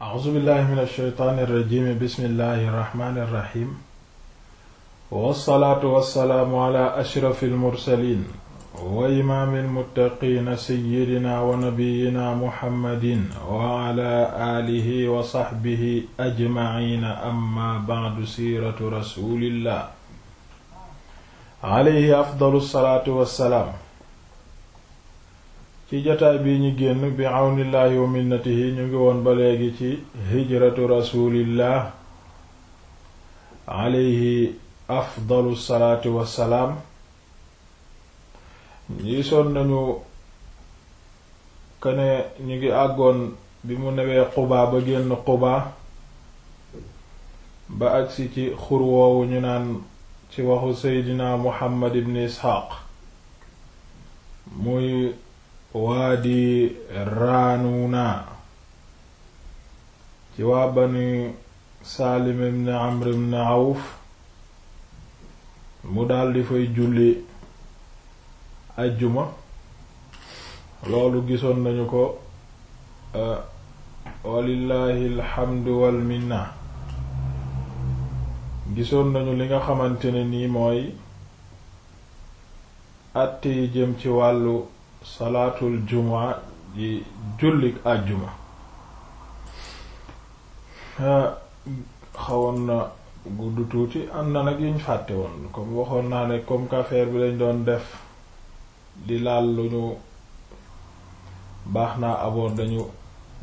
axusubillah min alsheytaan irrajim bismillahi irrahmani irrahim walsalaatu walsalaamu ala ashrafi almursalin wa imaami almuttaqina seyidina wa nabiyina muhammadin wa ala aalihi wa saxbihi ajmaciina amma bacdu siiratu rasulillah alayhi afdalu alsalaatu wassalaam ci jataay bii ñu génn bi àwnillaahi wa minnatihi ñu ngi woon ba léegi ci hijratu rasulillah alayhi afdalu salaatu wassalaam ngi son nañu kane ñu ngi àggoon bi mu newee xubaa ba génn xubaa ba agsi ci xur woowu ñu naan ci waxu seydina muhammad ibn isxaaq muy waadi raanuna ci waa bani saalim ibn amr mu daldi fay julli ajjuma loolu gisoon nañu ko eh, walillahi alhamdu wal minna gisoon nañu li nga xamante ne nii mooy àtte yi jëm ci wàllu salaatul jumaa di jullik àjjuma xawoon na gudd tuuti am na nag yuñ fàtte woon comme waxoon naa ne comme affaire bi lañ doon def di laal lu ñu baax naa aboon dañu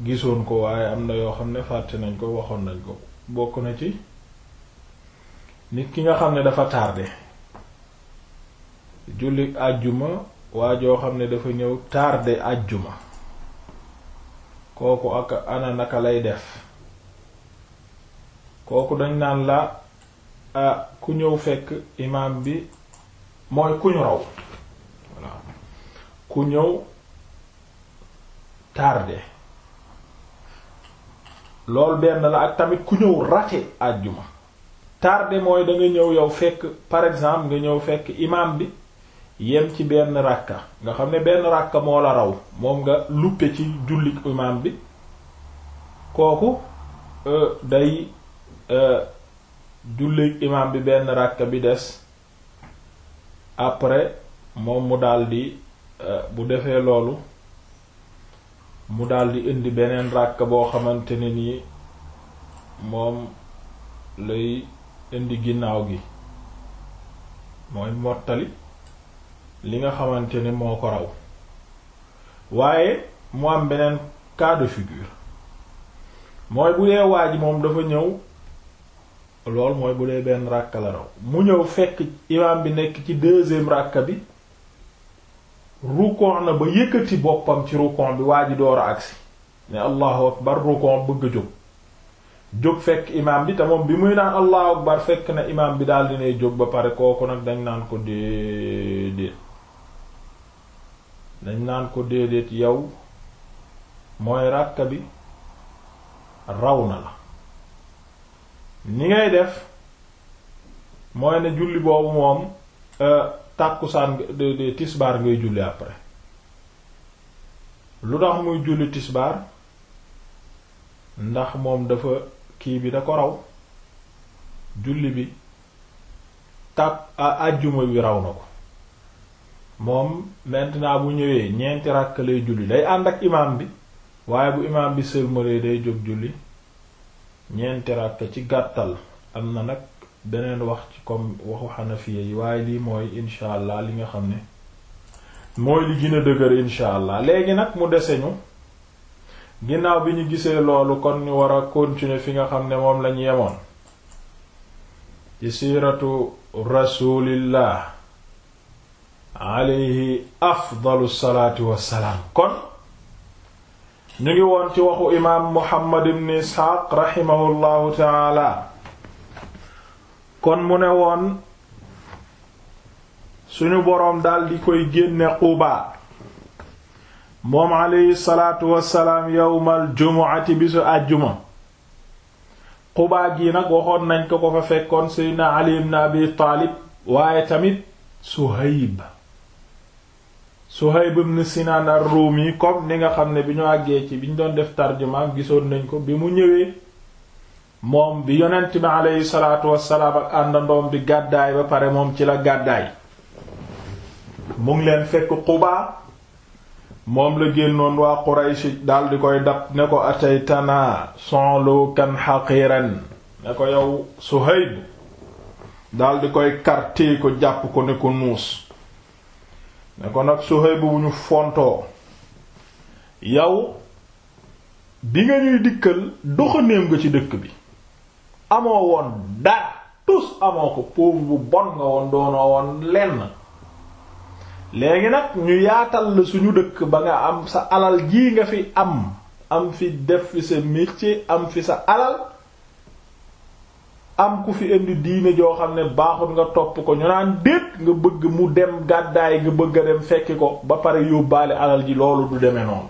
gisoon ko waaye am na yoo xam ne fàtte nañ ko waxoon nañ ko bokk na ci nit ki nga xam ne dafa tardé jullik àjjuma waa joo xam ne dafa ñëw tardé àjjuma kooku ak ana naka lay def kooku dañ naan la ku ñëw fekk imaam bi mooy ku ñu raw ku ñëw tardé loolu benn la ak tamit ku ñëw raté àjjuma tardé mooy da ñëw yow fekk par exemple nga ñëw fekk imaam bi yem ci benn ràkka nga xam ne benn ràkka moo la raw moom nga luppe ci jullik imaam bi kooku euh, day euh, jullik imaam bi benn ràkka bi des après moom mu daldi euh, bu defee loolu mu daldi indi beneen ràkka boo xamante ne nii moom lay indi ginnaaw gi mooy mottali li nga xamante ne moo ko raw waaye mu beneen cas de figure mooy bu dee waa ji moom dafa ñëw lool mooy bu dee benn ràkka la raw mu ñëw fekk imaam bi nekk ci deuxième ràkka bi rukon na ba yëkkati boppam ci rukon bi waa ji door a agsi ne allahu akbar rukon bëgg a jóg jóg fekk imaam bi te moom bi muy naan allahu akbar fekk na imaam bi daal dinay jóg ba pare kooku nag dañ naan ko déedéet dañ naan ko déedéet yow mooy ràkka bi raw na la ni ngay def mooy ne julli boobu moom euh, tàkkusaan tisbaar ngay julli après lu tax muy julli tisbaar ndax moom dafa kii bi da ko raw julli bi tàkk àjjuma bi raw na ko moom maintenant bu ñëwee ñeenti ràkk lay julli day ànd ak imaam bi waaye bu imaam bi sëlmalee day jóg julli ñeenti ràkk ci gàttal am na nag beneen wax ci comme waxu xanafiya yi waaye lii mooy incha allah li nga xam ne mooy li gën a dëgër incha allah léegi nag mu dese ñu ginnaaw bi ñu gisee loolu kon ñu war a fi nga xam ne moom lañu yemoon ci siiratu rasulillah alayhi afdalu kon ñu ngi woon ci waxu imaam muhammad ibn isxaaq raximahullahu taala kon mu ne woon suñu boroom daldi koy génne Quba moom alayhi salaatu wassalaam yowmal jumu'ati bisu àjjuma gi nag waxoon nañ ko ko fa fekkoon seydna ali ibn abi taalib waaye tamit Suhayb Suhayb ibn Sinaan ar-Rumi comme ni nga xam ne bi ñu àggee ci bi ñu doon def tarjumaam gisoon nañ ko bi mu ñëwee moom bi yonent bi aleyhi salaatu wassalaam ak àndandoom di gàddaay ba pare moom ci la gàddaay mu ngi leen fekk Quba moom la génnoon waa Quraysh dal di koy dab ne ko ataytana sonlukan haqiran ne ko yow Suhayb dal koy karti ko jàpp ko ne ko nuus ne ko nag Suhayb bu ñu fontoo yow bi nga ñuy dikkal doxaneem nga ci dëkk bi amoo woon dara tus amoo ko pauvre bu bon nga woon doonoo woon lenn léegi nag ñu yaatal la suñu dëkk ba nga am sa alal jii nga fi am am fi def fi sa métier am fi sa alal am ku fi indi diine joo xam ne baaxut nga topp ko ñu naan déet nga bëgg mu dem gàddaay nga bëgg a dem fekki ko ba pare yóbbaale alal ji loolu du demee noonu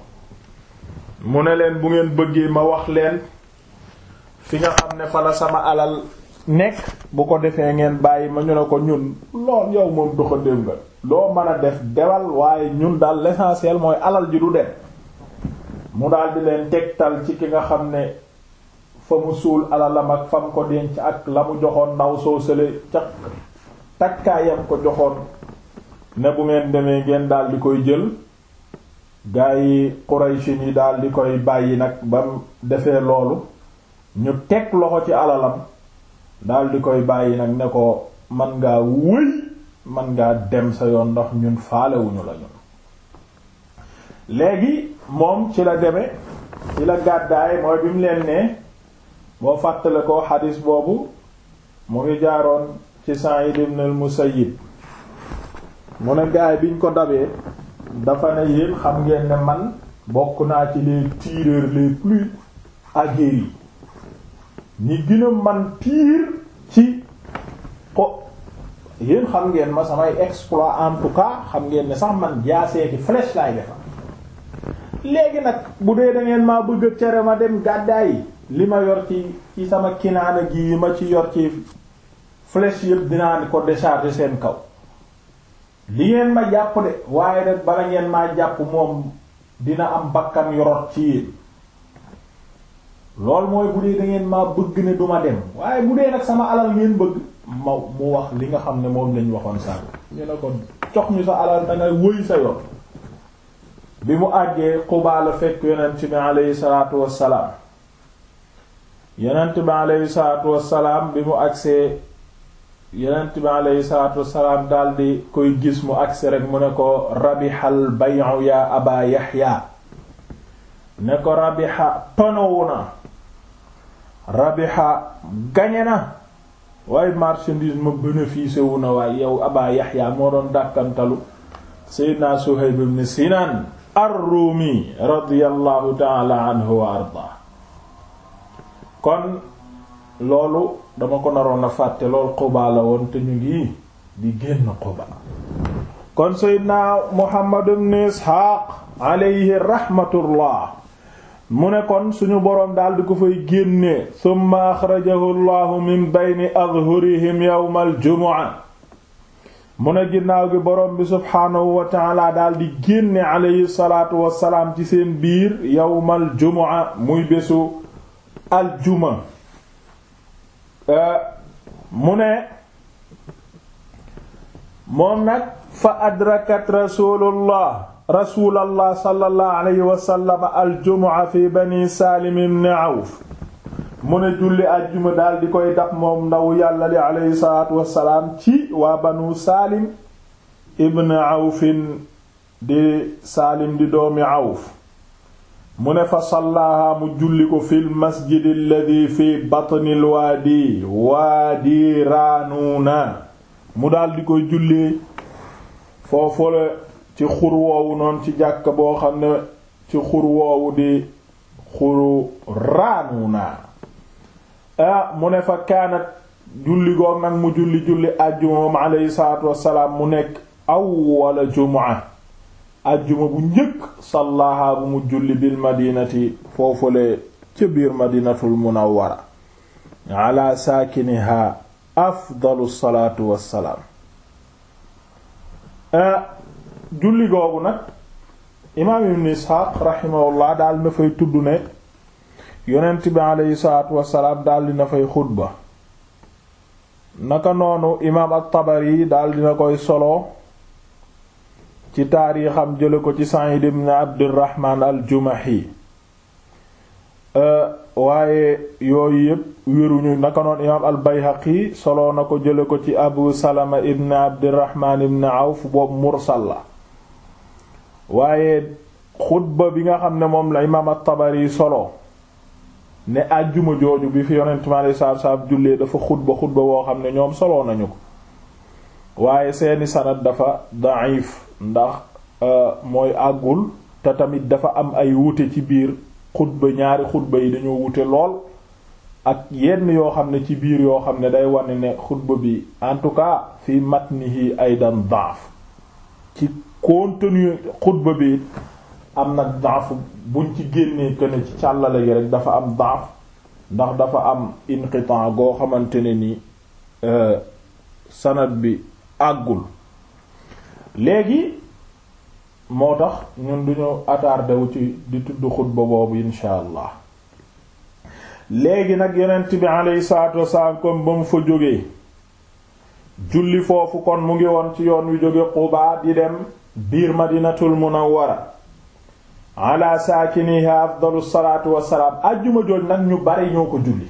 mu ne leen bu ngeen bëggee ma wax leen fi nga xam ne fa la sama alal nekk bu ko defee ngeen bàyyi ma ñu ne ko ñun lool yow moom doxandéem nga loo mën a def dewal waaye ñun daal l'essentiel mooy alal ji du dem mu daal di leen tegtal ci ki nga xam ne fa mu suul alalam ak fa mu ko denc ak la mu joxoon ndaw soo sële ca takkaayam ko joxoon ne bu ngeen demee ngeen daal di koy jël gaa yi Quraysh yi daal di koy bàyyi nag ba mu defee loolu ñu teg loxo ci alalam daal di koy bàyyi nag ne ko man ngaa wëy man ngaa dem sa yoon ndax ñun faalewuñu la ñun léegi moom ci la deme ci la gàddaay mooy bi mu leen ne boo fàttale ko xadis boobu mu ngi jaaroon ci Sa'id ibn al-Musayyib mu ne gaay biñ ko dabee dafa ne yéen xam ngeen ne man bokk naa ci les tireurs les plus aguerris ñi gën a man tiir ci ko yéen xam ngeen ma samay exploit en tout cas xam ngeen ne sax man jaasee ci flèche laay defa léegi nag bu dee da ngeen maa bëgg a cere ma dem gàddaay li ma yor ci ci sama kinaana gi yi ma ci yor ci flèche yëpp dinaa ko décharger seen kaw li ngeen ma jàpp de waaye rek bala ngeen maa jàpp moom dina am bakkan yorot ci yéen loolu mooy bu dee da ngeen maa bëgg ne du ma dem waaye bu dee nag sama alal ngeen bëgg ma mu wax li nga xam ne moom lañ waxoon sànq ñu ne ko jox ñu sa alal da wëy sa yoon bi mu àggee Quba la fekk yonent bi alayhi salaatu wassalaam yonent bi aleyhi salaatu wassalaam bi mu agsee yonent bi aleyhi salaatu wassalaam daldi koy gis mu agsi rek mu ne ko rabixal bayu yaa aba yaxya ne ko rabixa tonowu na rabixa gañe na waaye marchandise ma bénéfice wu na waaye yow aba yaxya moo doon dàkkantalu seydna suhayb ibn sinan ar-rumi radiyallahu taala anhu wa arda kon loolu dama ko naroon a fàtte loolu Quba la woon te ñu ngi di génn Quba kon Seydina Muhammad ibn Ishaq alayhi mu ne kon suñu boroom daal di ko fay génnee summa axrajahu llahu min bayni adhurihim yawma aljumu'a mu ne ginnaaw gi boroom bi subhaanahu wa taala daal di génne alayhi wassalaam ci seen biir yawma aljumu'a muy bésu aljuma euh, mu ne moom nag fa adrakat rasulullah rasulallah sallallahu alayhi wa sallam aljumu'a fi bani saalim ibn awf mu ne julli ajjuma daal di koy dab moom ndaw yàlla li aleyhi salaatu wasalaam ci waa banu saalim ibn awfin di saalim di doomi awf mu ne fa sallaaha mu julli ko fil masjid alladi fi batnil waadi waadi raanuuna mu daldi koy jullee foofule ci xur woowu noonu ci jàkk boo xam ne ci xur woowu di xuru raanuuna ah mu ne fa kaanat julli goog nag mu julli julli àjjuma moom aleyhi salaatu wassalaam mu nekk aw walla jumaa ajjuma bu njëkk sallaaha bu mu julli bil madinati foofule ca biir madinatul munawwara ala saakiniha afdalu salaatu wassalaam julli googu nag imaam ibn isxaaq raximahullah daal na fay tudd ne yonent bi aleyhi salaatu wassalaam daal dina fay xutba naka noonu imaam at-Tabari daal dina koy solo ci taarixam jële ko ci Sa'id ibn Abdurrahman al-Jumahi euh, waaye yooyu yépp wéruñu naka noon imaam al-Bayhaqi soloo na ko jële ko ci Abu Salama ibn Abdurrahman ibn Awf boobu mursal la waaye xutba bi nga xam ne moom la imaam at-Tabari solo ne àjjuma jooju bi fi yonent mi alayhi salaatu salaam jullee dafa xutba xutba boo xam ne ñoom soloo nañu ko waaye seeni sanad dafa da'if ndax euh, mooy àggul te tamit dafa am ay wuute ci biir xutba ñaari xutba yi dañoo wuute lool ak yenn yoo xam ne ci biir yoo xam ne day wane ne xutba bi en tout ni fi ay aydan daaf ci contenu xutba bi am na daaf buñ ci génnee que ci càllale gi rek dafa am daaf ndax dafa am inqitan goo xamante ne ni euh, sanad bi àggul léegi moo tax ñun duñu attardé wu ci di tudd xutba boobu insha léegi nag yonent bi aleyhi salaatu wasalaam kon ba mu fa jógee julli foofu kon mu ngi woon ci yoon wi jóge Quba di dem biir madinatul munawwara ala saakiniha afdalu salaatu wasalaam ajjuma jooj nag ñu bari ñoo ko julli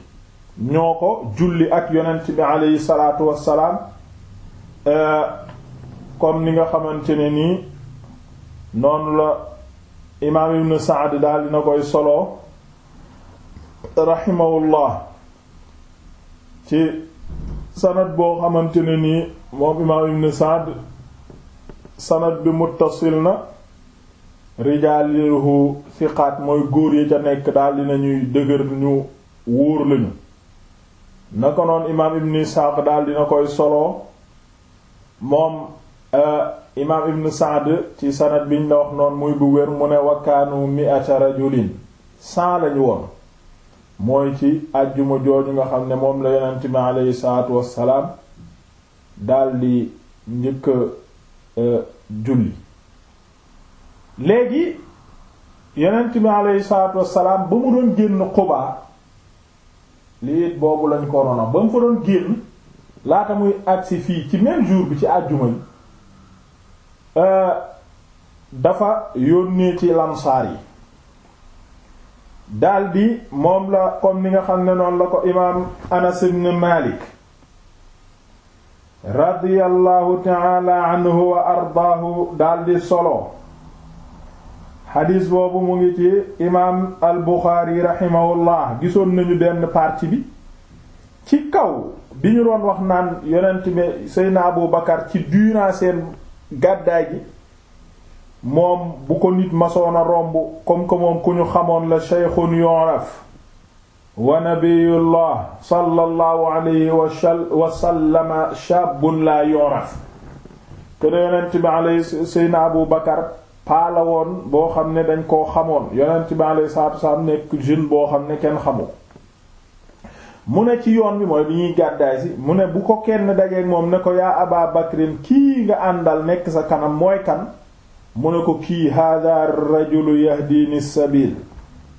ñoo ko julli ak yonent bi aleyhi salaatu wasalaam euh, comme ni nga xamante ne nii noonu la imaam ibn Saad daal na koy solo raximahullah ci sanad boo xamante ne nii moom imaam ibn Saad sanad bi muttasil na rijaalihu siqaat mooy góor yi ca nekk daal na ñuy dëgër ñu wóor lañu naka noonu imaam ibn Isaaq daal dina koy solo moom Euh, imaam ibn Sa'd ci sanad biñ la wax noonu muy bu wér mu ne wakkaanu mi'ata rajulin cent lañu woon mooy ci àjjuma jooju nga xam ne moom la yonent bi aleyhi salaatu wassalaam daldi njëkk euh, julli léegi yonent bi aleyhi salaatu wassalaam ba mu doon génn Quba liit boobu lañ ko noona ba mu fa doon génn laata muy agsi fii ci même jour bi ci àjjuma yi Euh, dafa yónnee ci lamsaar yi daldi moom la comme ni nga xam ne noonu la ko imaam Anas ibn Malik radiyallahu ta'ala anhu wa ardaahu daldi solo xadiis boobu mu ngi ci imaam al Buxaari rahimahullah gisoon nañu benn parti bi ci kaw bi ñu doon wax naan yonent bi Seydina Abu Bakar ci durant seen gàddaay gi moom bu ko nit masoon a romb comme que ku ñu xamoon la shaykhun yu'raf wa nabiyullah sallallahu alayhi wa sallama shabun la yu'raf te da yonent bi alay seyna abu bakar paala woon boo xam ne dañ koo xamoon yonent bi alay salaatu salaam nekk jeune boo xam ne kenn xamu mu ne ci yoon bi mooy bi ñuy gàddaay si mu ne bu ko kenn dajeeg moom ne ko yaa aba bakrin kii nga àndal nekk sa kanam mooy kan mu ne ko kii hada rajulu yahdini sabil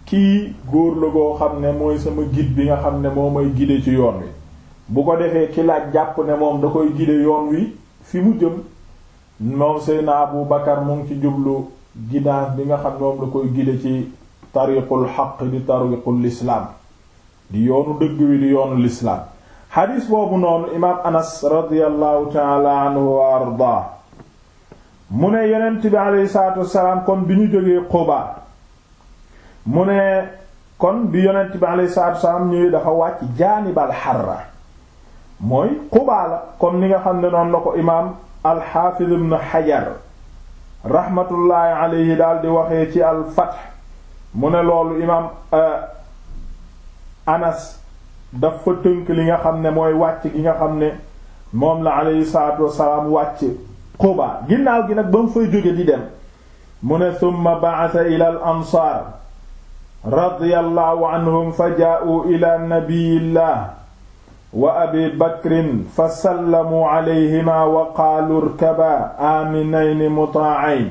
kii góor la goo xam ne mooy sama guide bi nga xam ne moo may guider ci yoon wi bu ko defee ki laaj jàpp ne moom da koy guider yoon wi fi mu jëm moom Seydina Abu Bakar mu ngi ci jublu guidance bi nga xam ne moom la koy guider ci tariqul xaq di tariqul islam di yoonu dëgg wi di yoonu lislaam xadiis boobu noonu imaam anas radiallahu taala anhu wa ardaa mu ne yonent bi aleyhi salaatu wasalaam kon bi ñu jógee Quba mu ne kon bi yonent bi aleyhi salaatu wasalaam ñëwee dafa wàcc jaanibal xarra mooy Quba la comme ni nga xam ne doon na ko imaam alxaafiz ibn xajar raxmatullaahi aleyhi daal di waxee ci al fath mu ne loolu imaam euh, anas dafa tënk li nga xam ne mooy wàcc gi nga xam ne moom la aleyhi salaatu wasalaam wàcc Quba ginnaaw gi nag ba mu fay jóge di dem mu ne summa ba'atha ila ansaar radiyallahu anhum fa jaa'u ila nabiyillah wa abi bakrin fa sallamuu alayhima wa qaalu irkaba aaminayni mutaacayn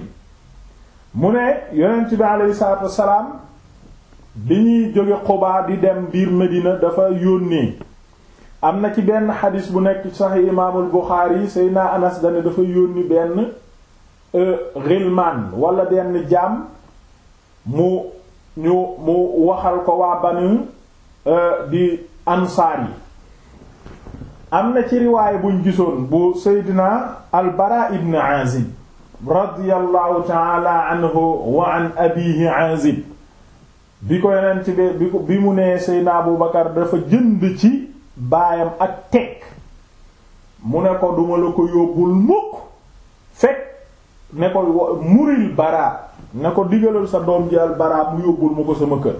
mu ne yonent bi aleyhi salaatu wasalaam bi ñuy jóge Quba di dem biir Medina dafa yónnee am na ci benn xadis bu nekk saxi imaamul Buxaari yi Seydina Anas dane dafa yónni benn rilmaan euh, wala benn jaam mu ñu mu waxal ko waa Banu euh, di ansaar yi am na ci riwaay buñ gisoon bu Seydina Al-Bara ibn Azib radiyallahu ta'ala anhu wa an abihi Azib bi ko yonent bi bi mu nee sey Seydina Abu Bakar dafa jënd ci baayam ak teg mu ne ko duma la ko yóbbul mukk fekk ne ko muril baraa ne ko digalal sa doom ji al baraa mu yóbbul mu ko sama kër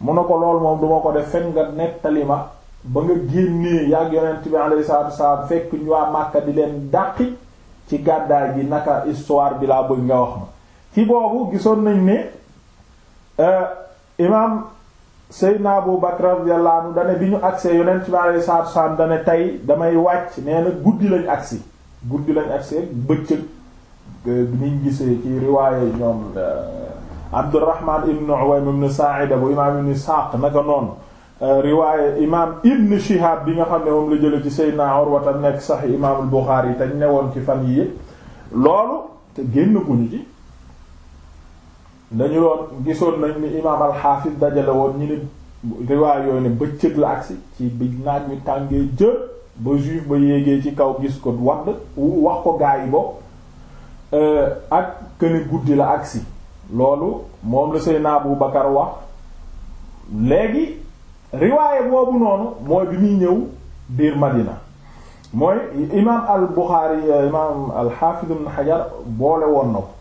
mu ne ko lool moom duma ko def fekk nga nettali ma ba nga génnee yàgg yonent bi alayhi salaatu wassalaam fekk ñu waa Màkka di leen dàqi ci gàddaay gi naka histoire bi laa bëgg nga wax ma ci boobu gisoon nañ ne euh, imaam Seydina Abu Bakr radiyallahu anhu dane bi ñu agsee yonent bi alayhi salaatu salaam dane tey damay wàcc nee guddi lañ agsi guddi lañ agsi ak bëccëg bi ñu gisee ci riwaaya ñoom euh, Abdurrahman ibn Uwaym ibn Sa'ida bu imaam ibn Isaaq naka noonu euh, riwaaya imaam Ibn Shihab bi nga xam ne moom la jële ci Seydina Urwa te nekk sax imaamul Buxaari te ñu newoon ci fan yii yëpp loolu te génn ku ñu ci dañu doon gisoon nañ ni imaam alxaafis dajale woon ñu ne riwaay yooyu ne bëccëg la agsi ci bi naaj wi tàngee jë ba juif ba yéegee ci kaw gis ko wadd wax ko gaa bo euh, ak këni guddi la agsi loolu moom la Seydina Abu Bakar wax léegi riwaaye boobu noonu mooy bi muy ñëw biir Madina mooy imaam al Buxaari euh, imaam al xaafiz boole woon na ko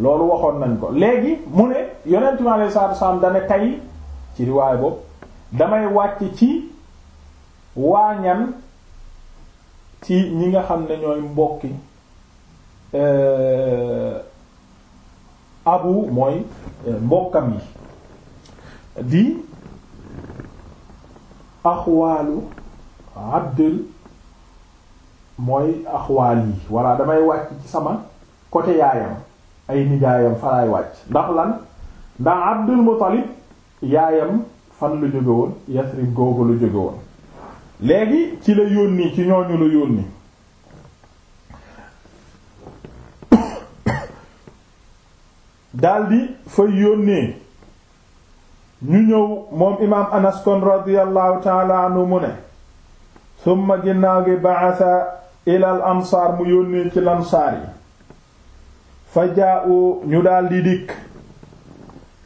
loolu waxoon nañ ko léegi mu ne yonent mi alayhi salaatu wasalaam dane tay ci riwaay boobu damay wàcc ci waañan ci ñi nga xam ne ñooy mbokki euh, abu mooy euh, mbokkam yi di axwaalu abdul mooy axwaal yi walla damay wàcc ci sama côté yaayam ay nijaayam falaay wàcc ndax lan ndax Abdul Muttalib yaayam fan la jóge woon googu la jóge léegi ci la yónni ci ñooñu la yónni daldi fa yónnee ñu ñëw moom imaam Anas kon radiyallahu taala anhu mu ne summa ginnaaw gi ba'atha ilal ansaar mu yónnee ci lansaar yi fa jaa'u ñu daal di dikk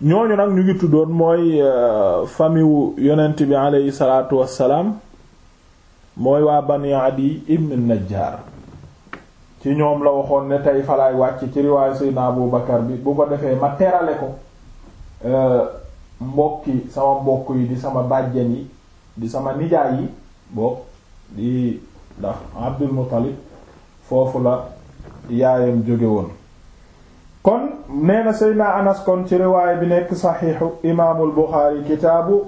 ñooñu nag ñu ngi tuddoon mooy euh, famille yonent bi aleyhi salaatu wassalaam mooy waa bani adi ibn najjar ci ñoom la waxoon ne tey falaay wàcc ci riwaayu seydna abu bakar bi bu ko defee ma terale ko euh, mbokki sama mbokk yi di sama bàjjen yi di sama nijaay yi boobu di ndax abdul muttalib foofu la yaayam jóge woon kon nee na Anas kon ci riwaay bi nekk saxiixu imaamul Buxaari kitaabu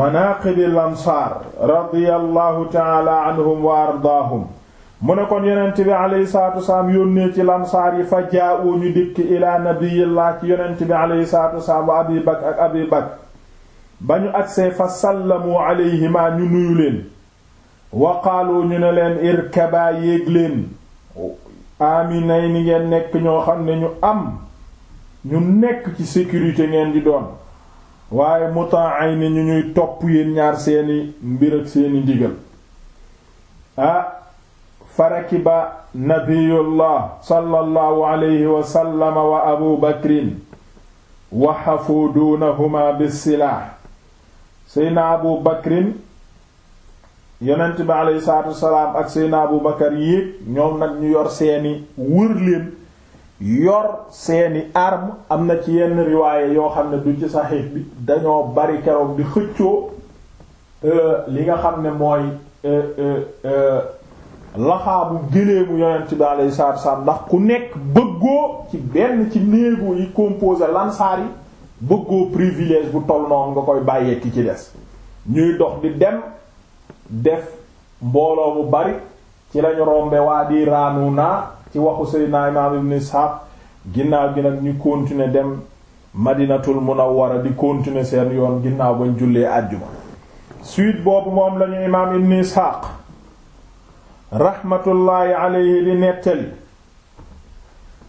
manaaqibil ansaar radiyallahu taala anhum wa ardaahum mu ne kon yonent bi alayhi salaatu wasalaam yónnee ci lansaar yi fa jaa'u ñu dikk ilaa nabiyillah ci yonent bi alayhi salaatu wasalaam wa abi bakr ak abi bakr ba ñu agsee fa sallamu alayhima ñu nuyu leen wa qaalu ñu ne leen irkabaa yéeg leen aminay ni ngeen nekk ñoo xam ne ñu am ñu nekk ci sécurité ngeen di doon waaye mutaay ni ñu ñuy topp yéen ñaar seeni mbir ak seeni ndigal ah farakiba nabiyullah sallallahu alayhi wa sallam wa abu bakrin wa xafu duunahuma bis silaah seyna abu bakrin yonent bi aleyhi salaatu wasalaam ak seyna Abu Bakar yéeg ñoom nag ñu yor seeni wër leen yor seeni arme am na ci yenn riwaaye yoo xam ne du ci saxiix bi dañoo bari keroog di xëccoo euh, li nga xam ne mooy euh, euh, laxaabu géléemu yonent bi aleyhi salaatu wasalaam ndax ku nekk bëggoo ci benn ci néegoo yi composé lansaar yi bëggoo privilège bu toll noonu nga koy bàyyee ki ci des ñuy dox di dem def mbooloo bu bari ci lañu rombe waa di raanu naa ci waxu seydina imaam ibn Ishaq ginnaaw gi nag ñu continuer dem madinatul munawwara di continuer seen yoon ginnaaw bañ jullee àjjuma suite boobu moom lañu imaam ibn Ishaq raxmatullaahi alayhi di nettali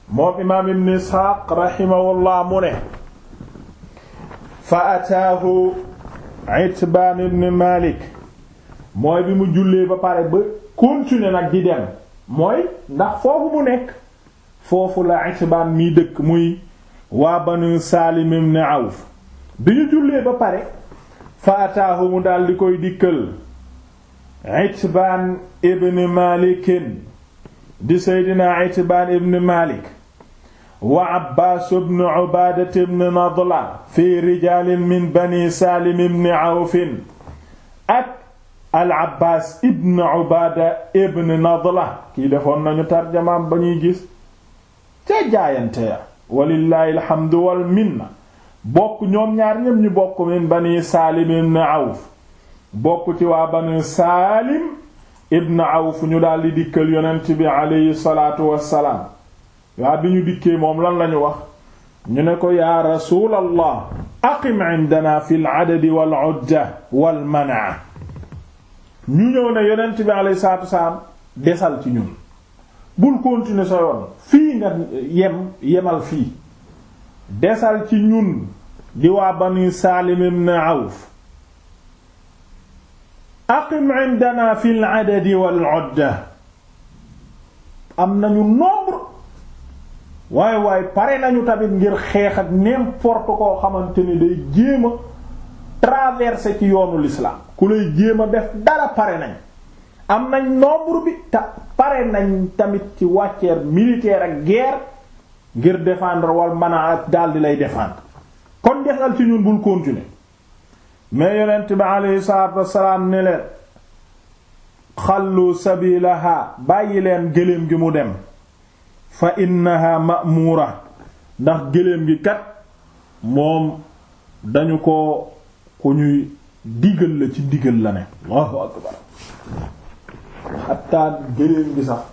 moom imaam ibn Ishaq raximahullah mu ne fa ataahu Itbaan ibn Maalik mooy bi mu jullee ba pare ba continuer nag di dem mooy ndax foofu mu nekk foofu la Itbaan miy dëkk muy waa Banu Saalim ibn Awf bi ñu jullee ba pare fa ataahu di koy dikkal Itbaan ibn Maalikin di Seydina Itbaan ibn Maalik wa Abbaas ibn Ubaadata ibn Nadla fi rijaalin min Bani Saalim ibn Awfin al abbaas ibn ubaada ibn nadla kii defoon nañu tarjamaam ba ñuy gis ca jaayante ya walillaahi alhamdu wal bokk ñoom ñaar ñépp ñu bokk min bani saalim ibn awf bokk ci waa bani saalim ibn awf ñu daldi dikkal yonent bi aleyhi salaatu wassalaam waa bi ñu dikkee moom lan lañu wax ñu ne ko yaa rasuulallah aqim indana fil adadi wal udda wal manaa ñu ñëw ne yonent bi alayhi salaatu salaam desal ci ñun bul continuer sa yoon fii nga yem yemal fii desal ci ñun di waa bani Saalim ibn Awf aqim indana fi al-adadi wal-udda am nañu nombre waaye waaye pare nañu tamit ngir xeex ak n'importe koo xamante ni day jéema traversé ci yoonu l'islam ku lay jéem a def dara pare nañ am nañ nombre bi te pare nañ tamit ci wàcceer militaire ak guerre ngir défendre wal mën a lay défendre kon desal ci ñun bul continuer mais yonent bi aleyhi salaatu wassalaam ne xallu sabilaha bàyyi leen gëléem gi mu dem fa innaha ma'muura ndax gëléem gi kat moom dañu ko ku ñuy digal la ci digal la ne Allahu akbar xatta gëléem gi sax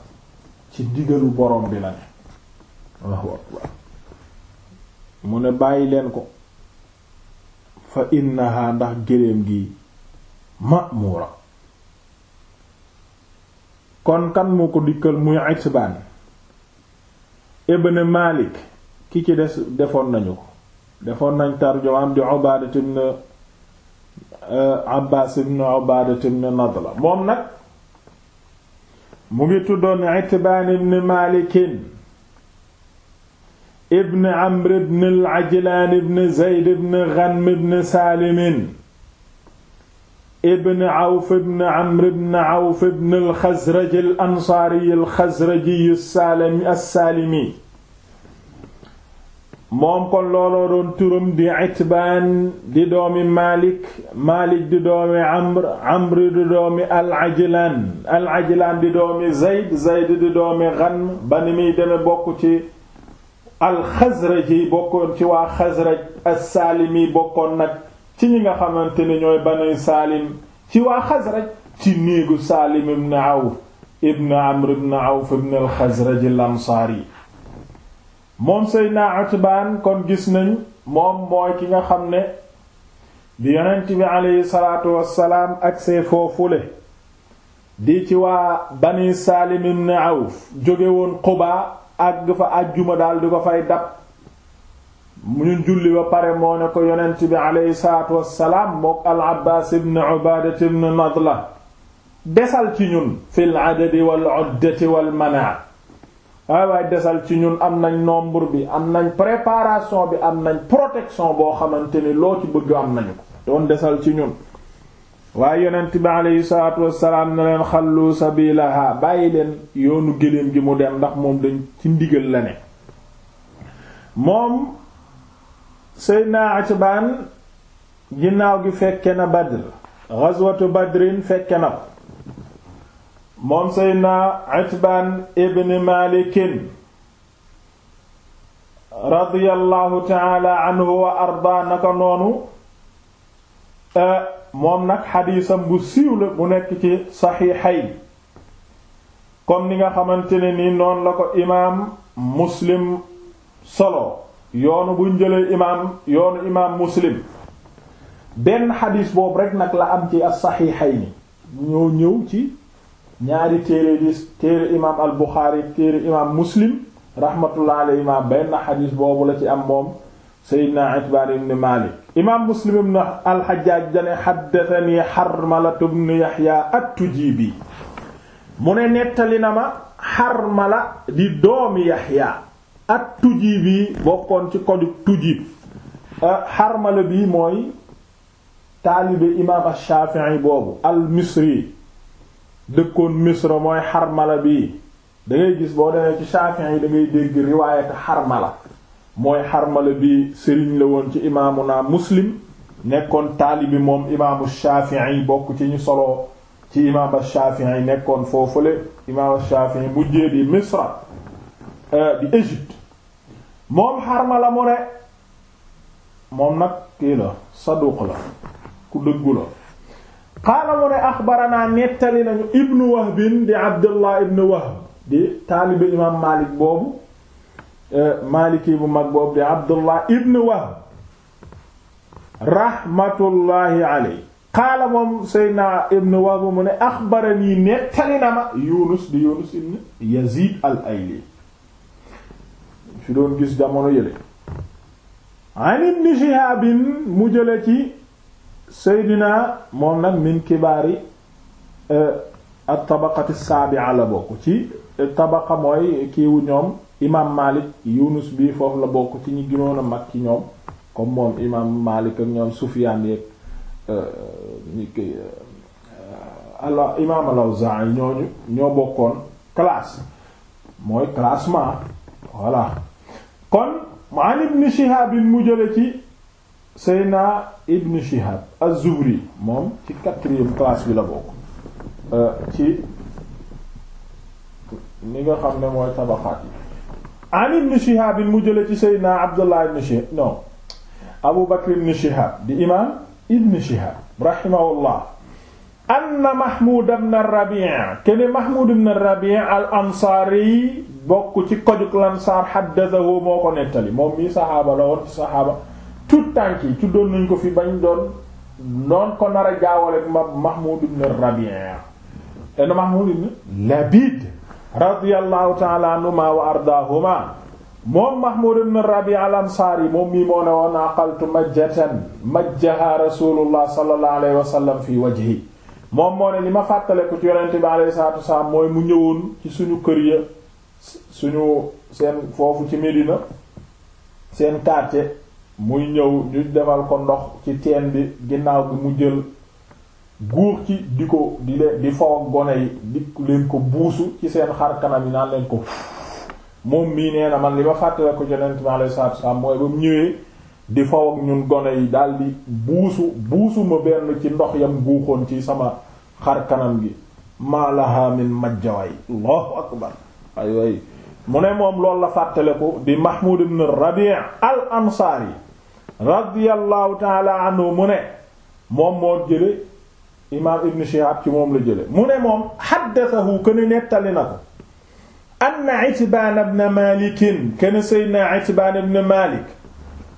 ci digalu borom bi la ne Allahu akbar mu ne bàyyi leen ko fa innaha ndax gëléem gi ma'mura kon kan moo ko dikkal muy Itbaan ibn Malik ki ci des defoon nañu ko defoon nañ tarjumaan di Ubaada ibn Euh, Abbaas ibn Ubaada ibn Nadla moom nag mu ngi tuddoon Itbaan ibn Maalik ibn Amr ibn al-Ajlaan ibn Zayd ibn Ghanm ibn Saalim ibn Awf ibn Amr ibn Awf ibn al-Xazraj al-Ansaari al-Xazraji as-Saalimi moom kon looloo doon turam di itbaan di doomi maalik maalik di doomi amr amr di doomi al ajlaan al ajlaan di doomi zayd zayd di doomi ghanm ba ni deme bokk ci al xasraj yi bokkoon ci waa xasraj as saalim yi bokkoon nag ci ñi nga xamante ne ñooy banuy saalim ci waa xasraj ci néegu saalim ibn awf ibn amr ibn awf ibn al xasraj al ansaari moom naa Utbaan kon gis nañ moom mooy ki nga xam ne di yonent bi aleyhi salaatu wassalaam ak see foofule di ci waa bani Saalim ibn Awf jóge woon Quba àgg fa àjjuma daal di ko fay dab ñu julli ba pare moo ne ko yonent bi aleyhi salaatu wassalaam mook al Abbaas ibn Ubaada ibn Nadla desal ci ñun fil adadi wal uddati wal manaa ay waay desal ci ñun am nañ nombre bi am nañ préparation bi am nañ protection boo xamante ni loo ci bëgg am nañu ko doon desal ci ñun waaye yonent bi aleyhi salaatu wassalaam na leen xallu sabilaha bàyyi leen yoonu géléem gi mu dem ndax moom dañ ci ndigal la ne moom Seydina Atbaan ginnaaw gi fekke na Badr ghazwatu Badrin fekke na moom seydna itbaan ibn malikin radiyallahu taala anhu wa arda naka noonu e, moom nag xadiisam bu siiw la bu nekk ci saxiixay kon ni nga xamante ne ni noonu la ko imaam muslim solo yoonu bu njëlee imaam yoonu imaam muslim benn xadiis boobu rek nag la am ci as saxiixay ni ñëw ci ñaari téere di téere imaam al Buxaari téere imaam Muslim rahmatullah alayhima benn xadis boobu la ci am moom Seydina Itbaan ibn Maalik imaam Muslim ibn al-Hajjaaj dane haddathanii Harmala ibn Yahya at-Tujiibi mu ne nettali na ma Harmala di doomi Yahya at-Tujiibi bokkoon ci kodu Tujiib euh, Harmala bi mooy taalibe imaam ash-Shaafi'i boobu al-Misri dëkkoon misra mooy xarmala bi dangay gis boo demee ci Shafi'i yi da ngay dégg riwaayat xarmala mooy xarmala bi sëriñ la woon ci imaamuna muslim nekkoon taalibi moom imaamu Shafi'i bokk ci ñu solo ci imaam Shafi'i nekkoon foofule imaam Shafi'i mujjee di misra euh, di Égypte moom xarmala mu ne moom nag kii la saduq la ku dëggu la qaala mu ne axbaranaa nettali nañu ibnu wahbin di abdullah ibnu wahb di taalibe imaam maalik boobu eh, maaliki bu mag boobu di abdullah ibnu wahb rahmatullahi aley qaala moom seydna ibnu wahb mu ne axbaranii nettali na ma yunus di yunus ibnu yazid al ayli fi doon gis jamono yële an ibnu shihaabin mu jële ci Seydina moom nag min kibaari euh, ak tabaqati saabi'a la bokk ci tabaqa mooy kiiwu ñoom imaam Malik Yunus bii foofu la bokk ci ñu gënoon a mag ci ñoom comme moom imaam Malik ak ñoom Sufyaan yeeg euh, euh, imaam al-Awzaa'i ñooñu ñoo bokkoon classe mooy classement voilà kon mu an Ibn Shihaab mu jële ci Seyna Ibn Shihab az-Zuhri moom ci quatrième classe bi la bokk euh, ci ni nga xam ne mooy tabaxaat yi an Ibn Shihab mu jële ci Seyna Abdullah ibn Shihab non Abu Bakr ibn Shihab di imaam Ibn Shihab Mahmoud ibn Rabi' kene al-Ansari bokk ci kojug Ansaar haddathahu moo ko moom mii saxaaba la woon tout tànk yi tuddoon nañ ko fi bañ doon noon ko nar a jaawale ma Mahmoud a Rabi'a en Mahmoud ibn Labid radiyallahu ta'ala anhuma wa ardaahuma moom Mahmoud ibn Rabi'a al-Ansari moom mii moo ne woon aqaltu majjatan majjaha rasulullah sallallahu alayhi wa sallam fi wajhi moom moo ne li ma fàttale ko ci yonente bi alayhi salatu mooy mu ñëwoon ci suñu kër ya suñu seen foofu ci Médina seen quartier muy ñëw ñu demal ko ndox ci teen bi ginnaaw bi mu jël guur ci di ko di leen di faw ak gone yi di ko buusu ci seen xar kanam yi naan leen ko moom mii nee na man li ma fàttale ko yonent bi alayhi salaatu wassalaam mooy ba mu ñëwee di faw ak ñun gone yi daal buusu buusu ma benn ci ndox yam guuxoon ci sama xar kanam gi maalaha min majjaway allahu akbar ay way mu ne moom loolu la fàttale ko di Mahmoud ibn Rabi' al Ansaari radiyallahu taala anhu mu ne moom moo jële imaam ibn Shihab ci moom la jële mu ne moom xaddasahu kën a nettali na ko anna Itbaan ibn Maalikin kën sayyidina Itbaan ibn Maalik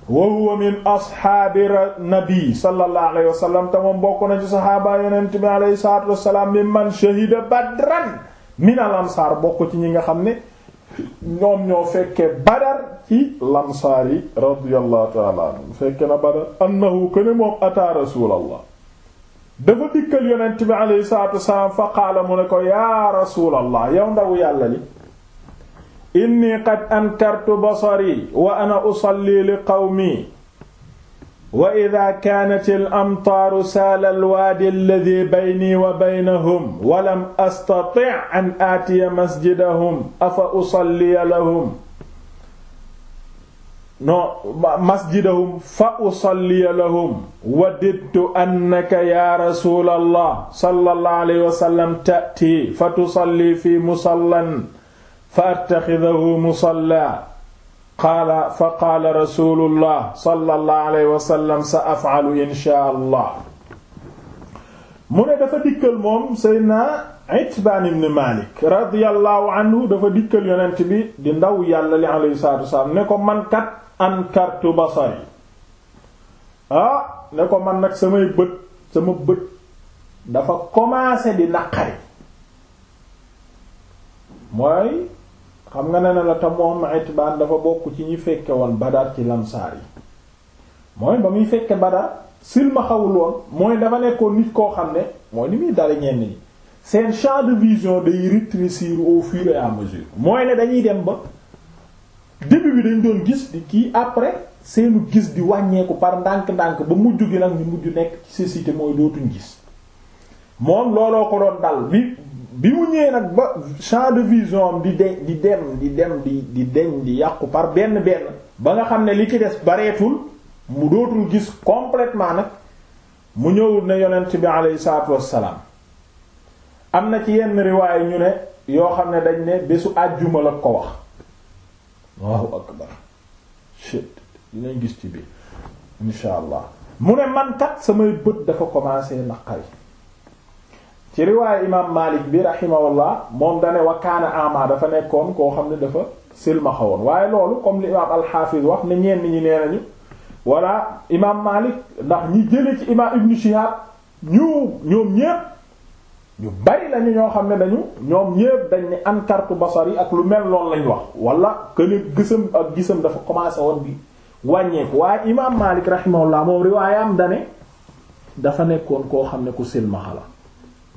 wa huwa min ashaabi nabi sallallahu alayhi wa sallam te moom bokk na ci saxaaba yonent bi alayhi salaatu wa salaam mimman shahida badran min al ansaar bokk ci ñi nga xam ne ñoom ñoo fekke badar ci lamsaari radiyallahu taala anhu fekke na badar annahu kana moom ata rasulallah dafa dikkal yonent bi alayhi salaatu wasalaam fa qaala mu ne ko yaa rasulallah yow ndaw yàlla li inni qad ankartu basari wa ana usalli li qawmi wa ida kaanat al amtaaru saala alwaadi alladi bayni wa baynahum walam astati an aatiya masjidahum afa usalliya lahum non masjidahum fa usalliya lahum wadidtu annaka ya rasula allah sallallahu alayhi wa sallam ta'ti fa tusalli fi musallan fa attaxidahu musalla qaala fa qaala rasulullah sallallahu alayhi wa sallam sa af'alu inshaa allah mu ne dafa dikkal moom Seydina Itbaan ibn Maalik radiyallahu anhu dafa dikkal yonent bi di ndaw yàlla li alayhi salaatu wasalaam ne ko man kat ankartu basari ah ne ko man nag samay bët sama bët dafa commencé di naqari mooy xam nga ne na la te moom itbaan dafa bokk ci ñi fekke woon badar ci lamsaar yi mooy ba muy fekke badar silma woon mooy dafa nekkoon nit koo xam ne mooy ni muy dale ñenn ñi seen champ de vision day rétrécir au fur et à mesure mooy ne dañuy dem ba début bi dañ doon gis di kii après seenu gis di wàññeeku par ndànk-ndànk ba mujj gi nag ñu mujj nekk ci cécité mooy dootuñ gis moom looloo ko doon dal bi mu ñëwee nag ba champ de vision am di de di dem di dem di deñ di yàqu par benn benn ba nga xam ne li ci des bareetul mu dootul gis complètement nag mu ñëw ne yonent bi aleyhi salaatu am na ci yenn riwaay ñu ne yoo xam ne dañ ne bésu àjjuma la ko wax Allahu akbar shit dinañ gis ci biir insha allah mu ne mantat samay bët dafa commencé naqari ci riwaayu imaam Malik bi rahimahullah moom dane wa kaana dafa nekkoon koo xam ne dafa silmaxa woon waaye loolu comme li imaam alxaafis wax ne ñenn ñi nee nañu walla imaam Malik ndax ñi jële ci imaam Ibn Shihab ñu ñoom ñépp ñu bari lañu ñoo xam ne dañu ñoom ñépp dañ ne ankartu basar yi ak lu mel loolu lañ wax wala que gisam ak gisam dafa commencé woon bi wàññeeku waaye imaam Malik rahimahullah moom riwaayam dane dafa nekkoon koo xam ne ku silmaxa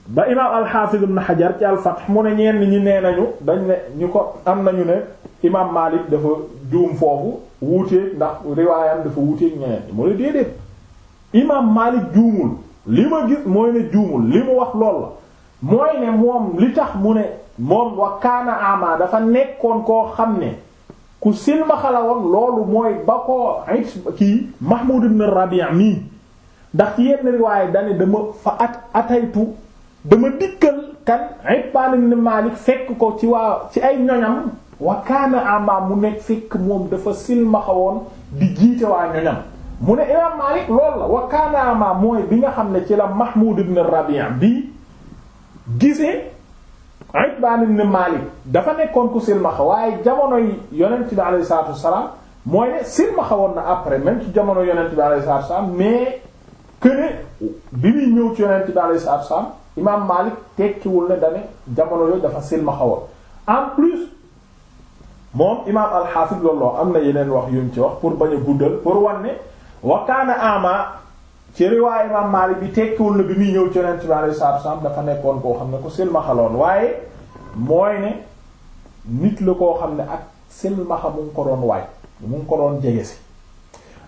ba imaam alxaafiz ibn xajar ci alfath mu ne ñenn ñi nee nañu dañ ne ñu ko am nañu ne imaam maalik dafa juum foofu wuuteeg ndax riwaayam dafa wuuteeg ñeneen ñi mu ne déedéet imaam maalik juumul li ma gis mooy ne juumul li mu wax lool la mooy ne moom li tax mu ne moom wa kaana ama dafa nekkoon koo xam ne ku silmaxalawoon woon loolu mooy ba ko kii mahmud ibn rabi' mi ndax ci yenn riwaaya dane dama fa at ataytu dama dikkal kan Itbaan ibn Maalik fekk ko ci waa ci ay ñoñam wa kaana ama mu nekk fekk moom dafa silmaxawoon di jiite waa ñoñam mu ne imaam Maalik loolu la wa kaana ama mooy bi nga xam ne ci la Mahmoud ibn Rabi' bi gisee Itbaan ibn Maalik dafa nekkoon ku silmaxa waaye jamono yi yonent bi alayhi salaatu wassalaam mooy ne silmaxawoon na après même ci jamono yonent bi alayhi salaatu wassalaam mais ci yonent imaam Malik tekkiwul ne dane jamono yooyu dafa silmaxawoon en plus moom imaam alxaafis looloo am na yeneen wax yuñ ci wax pour bañ a guddal pour wan ne wa kaana ama ci riwaay imaam Malik bi tekkiwul ne bi muy ñëw ci yonent bi alayhi salaatu wasallam dafa nekkoon koo xam ne ko silmaxaloon waaye mooy ne nit la koo xam ne ak silmaxa mu ngi ko doon waaj mu ko doon jege si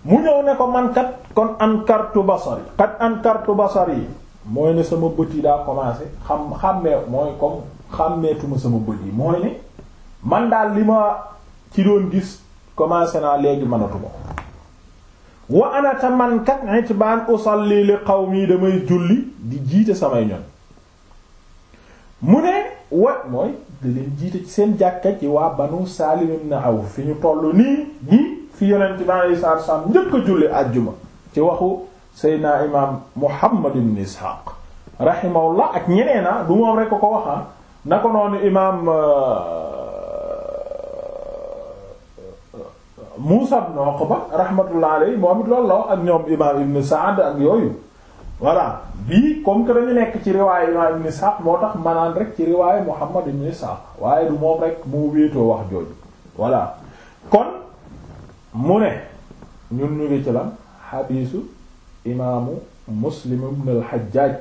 mu ñëw ne ko man kat kon ankartu basari kat ankartu yi mooy ne sama bët yi daa commencé xam xàmmee mooy comme xàmmeetuma sama bët yi mooy ne man daal li ma ci doon gis commencé naa léegi mënatuma wa anata man kat itbaan usalli li qawmi damay julli di jiite samay ñoñ mu ne wa mooy da leen jiite ci seen jàkka ci waa banu Saalim ibn Awf fi ñu toll nii ñii fi yonent bi alayhi salaatu njëkk julli àjjuma ci waxu Seydina imaam Muhammad ibn Ishaq rahimahullah ak ñeneena du moom rek ko waxaa na ko noonu imaam euh, Muusa ibn Uqba rahmatullah alayhi moom it loolu la wax ak ñoom imaam Ibn Sa'd ak yooyu voilà bii comme que dañu nekk ci riwaayu imaam Ibn Ishaq moo tax manaan rek ci riwaayu Muhammad ibn Ishaq waaye du moom rek mu wéetoo wax jooju voilà kon mu ne ñun ñu ngi ci lan xadiisu imaamu muslim ibn al-Hajjaj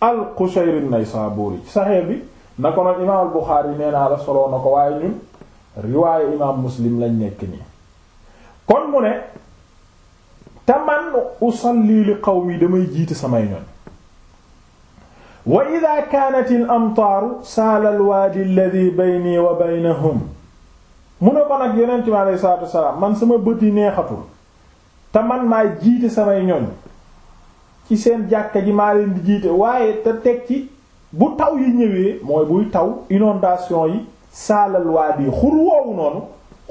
al-Qushayri an saxee bi na ko noon imaam al nee naa la soloo na ko waaye ñun riwaaye imaam muslim lañ nekk nii kon mu ne te man usalli li qawmi damay jiite samay ñoñ wa ida kaanat al amtaaru saala al waadi wa baynahum mu ne ko nag yonent bi alayhi salaatu man sama bët yi neexatul te man maa jiite samay ñoñ ci seen jàkka ji maa leen di jiite waaye te teg ci bu taw yi ñëwee mooy buy taw inondation yi saalal waa bi xur woowu noonu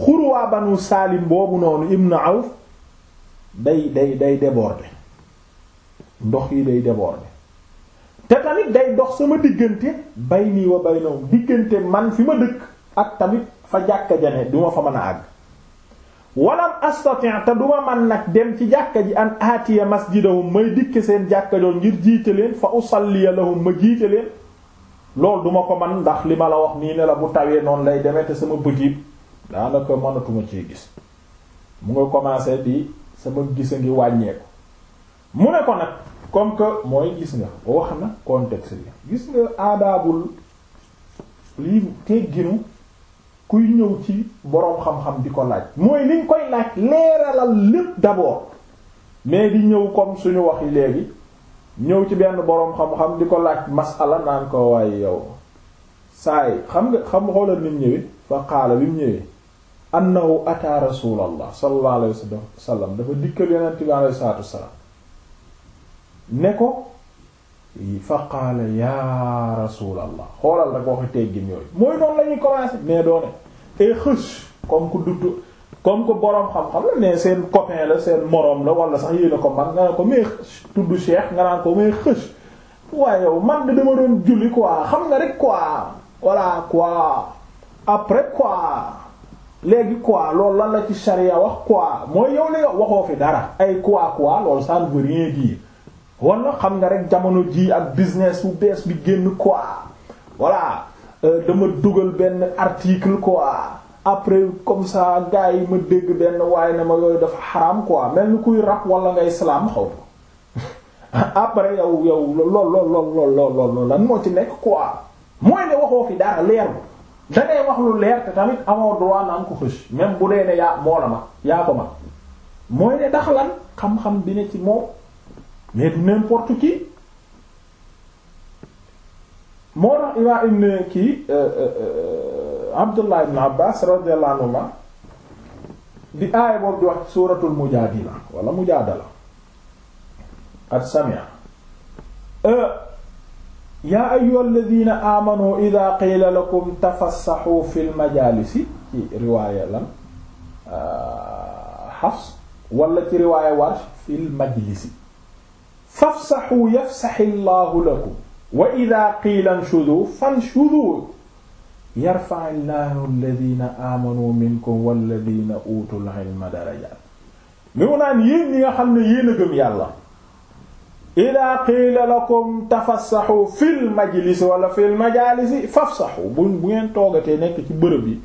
xur waa banu saalim boobu noonu ibn Awf day day day déborder ndox yi day déborder te tamit day dox sama diggante bayni wa baynahum diggante man fi ma dëkk ak tamit fa jàkka jane duma fa mën a àgg walam astati' te duma man nag dem ci jàkka ji an aatiya masjidahum may dikke seen jàkka joon ngir jiite leen fa usalliya lahum ma jiite leen loolu duma ko man ndax li ma la wax nii ne la bu tawee noonu lay demee te sama bët yi daanaka mënatuma ci gis mu nga commencé di sama gis a ngi wàññeeku mu ne ko nag comme que mooy gis nga wax na contexte bi gis nga aadaabul lii tegginu kuy ñëw ci boroom xam-xam di ko laaj mooy liñ koy laaj leeralal lépp d'abord mais di ñëw comme suñu wax yi léegi ñëw ci benn boroom xam-xam di ko laaj masala naan ko waaye yow saay xam nga xam xoolal ni mu ñëwee fa qaala bi mu ñëwee annahu ata rasulallah sallallahu alayhi wasallam dafa dikkal yonent bi alayhi salaatu wassalaam ne ko fa qaala yaa rasulallah xoolal rek waxi teggin yooyu mooy noonu lañuy commencer mais doone et xës comme ku dudd comme que boroom xam-xam la mais seen copain la seen moroom la wala sax yéen a ko man nga ne ko mais tudd cheikh nga naan ko mais xës waaye yow man de dama doon julli quoi xam nga rek quoi voilà quoi après quoi léegi quoi loolu lan la ci charia wax quoi mooy yow la waxoo fi dara ay quoi quoi loolu ça ne veut rien xam nga rek jamono ji ak business bu bees bi génn quoi voilà Euh, dama dugal benn article quoi après comme sa gars yi ma dégg benn waaye na ma yooyu dafa xaraam quoi mel ni kuy rap wala ngay salaam xaw après yow yow lool lool lool lool lan moo ci nekk quoi mooy ne waxoo fi dara leer da ngay wax lu leer te tamit amoo droit naan ko xës même bu dee ne yaa moo la ma yaa ko ma mooy ne dax lan xam-xam bi ne ci moom mais n'importe qui moo tax imaam ibn kii euh, euh, euh, Abdullah ibn Abbas radiyallahu anhuma di aaya boobu di wax suuratul mujaadila wala mujaadala qad sami'a yaa ayyuhal ladhiina aamanuu idhaa qiila lakum tafassahu fil majaalisi ci riwaaya lan Hafs wala ci riwaaya Warsh fil majlisi fafsahu yafsahi Allahu lakum wa idha qila nshudu fanshudu yarfa llahu alladhina amanu minkum walladhina utul ilma mi mu naan yéen ñi nga xam ne yéen a gëm yàlla ida qiila lakum tafassahu fil majlisi wala fil majalisi fafsahu bu ngeen toogatee nekk ci bërëb yi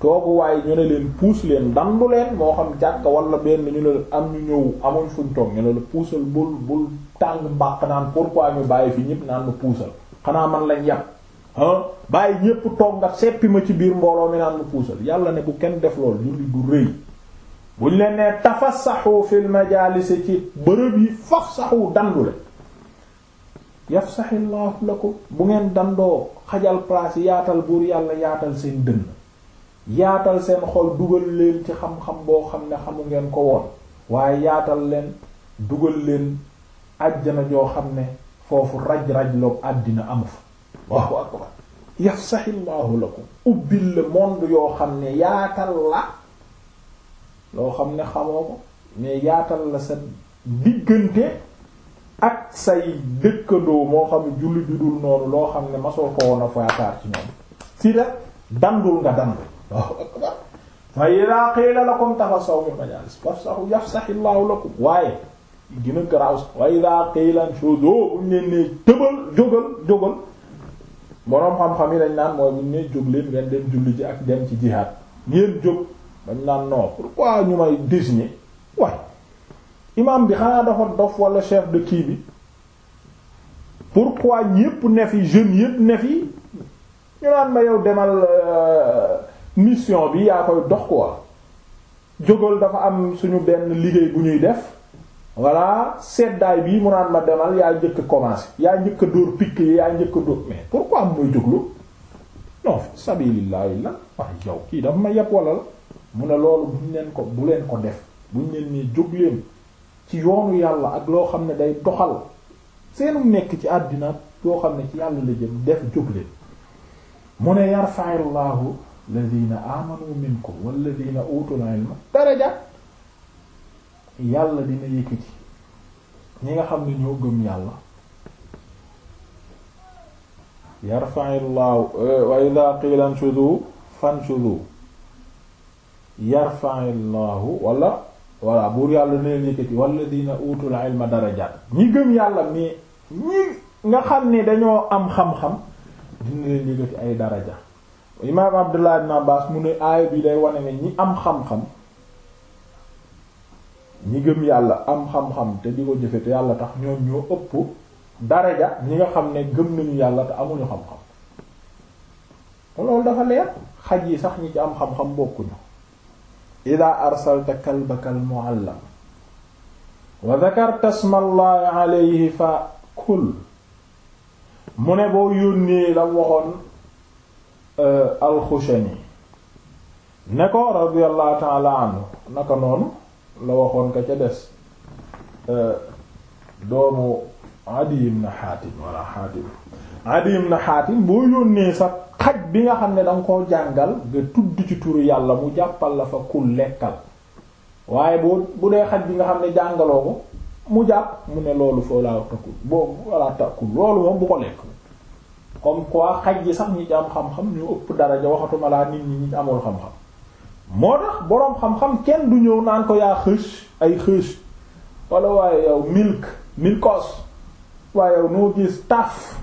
tooguwaay ñu ne leen puus leen dandu leen moo xam jàkk wala benn ñu ne leen am ñu ñëw amuñ fuñ toog ñu ne la puusal bul bul tàng mbàq naan pourquoi ñu bàyyi fi ñëpp naan ma puusal xanaa man lañ yàpp ah bàyyi ñëpp toog ndax seppi ma ci biir mbooloo mi naan ma puusal yàlla ne bu kenn def lool julli du rëy buñ leen nee tafassaxu fil majalis ci bërëb yi fafsaxu dandule yafsaxi laahu ko bu ngeen dandoo xajal place yaatal buur yàlla yaatal seen dënn yaatal seen xol dugal leen ci xam-xam boo xam ne xamu ngeen ko woon waaye yaatal leen dugal leen àjjana joo xam ne foofu raj-raj loobu àddina amu fa allahu akbar yafsahi llahu ubbil le monde yoo xam ne yaatal la loo xam ne xamoo ko mais yaatal la sa diggante ak say dëkkandoo moo xam ne julli judul noonu loo xam ne masoo ko woon a faataar ci ñoom si la dandul nga dandul allahu akbar fa ida qiila lakum tafassahu min majalis fafsahu yafsahi llahu lakum waaye gën a garaaw wa iza qiila shudu buñ leen ne tëbal jógal jógal boroom xam-xam yi dañ naan mooy buñ ne jóg leen ngeen dem julli ji ak dem ci jihaad ngeen jóg dañ naan non pourquoi ñu may désigner waaye imam bi xanaa dafa dof wala chef de kii bi pourquoi ñépp ne fi jeune yépp ne fi ñu naan ma yow demal euh, mission bi yaa koy dox quoi jógal dafa am suñu benn liggéey bu ñuy def voilà seddaay bii mu naan ma demal yaa njëkk a commencé yaa njëkk a dóor pikk yi yaa njëkk a dóor mais pourquoi am muy jóglu non sabilillahi la wax yow kii dafa ma yeb wala la mu ne loolu buñ leen ko bu leen ko def buñ leen nii jóg ci yoonu yàlla ak loo xam ne day doxal seenum nekk ci àddina yoo xam ne ci yàlla la jëm def jóg leen mu ne yarfa'illahu alladhina amanu minkum walladhina utul ilma daraja yàlla dina yëkkati ñi nga xam ne ñoo gëm yàlla yarfa'illahu eh, wa idha qila anshudu fanshudu yarfa'illahu wala wala buur yàlla dina leen yëkkati walladina utul ilma ñi gëm yàlla mi ñi nga xam ni dañoo am xam-xam dina leen yëkkati ay daraja imaam Abdullah ibn Abbas mu ne aaya bi day wane ne ñi am xam-xam ñi gëm yàlla am xam-xam te di ko jëfe yàlla tax ñoom ñoo ëpp daraja ñi nga xam ne gëm nañu yàlla te amuñu xam-xam loolu dafa leer xaj yi sax ñi ci am xam-xam bokkuñu ida arsalta kalbaka al muallam wa dhakarta isma allahi fa kul mu ne boo yónnee la waxoon euh, alxushani ne ko radiyallahu ta'ala anhu naka noonu la waxoon ka ca des euh, doomu Adi na Hatim walla Hatim Adi ibn Hatim boo yónnee sa xaj bi nga xam ne danga koo jàngal nga tudd ci turu yàlla mu jàppal la fa kul lekkal waaye boo bu dee xaj bi nga xam ne jàngaloo ko mu jàpp mu ne loolu foo laa takkul boo walla takkul loolu moom bu ko lekk comme quoi xaj yi sax ñi ci am xam-xam ñu ëpp daraja waxatuma laa nit ñi ñi amul xam-xam moo tax boroom xam-xam kenn du ñëw naan ko yaa xëch ay xëch wala waaye yow milk milkos waaye yow noo gis taf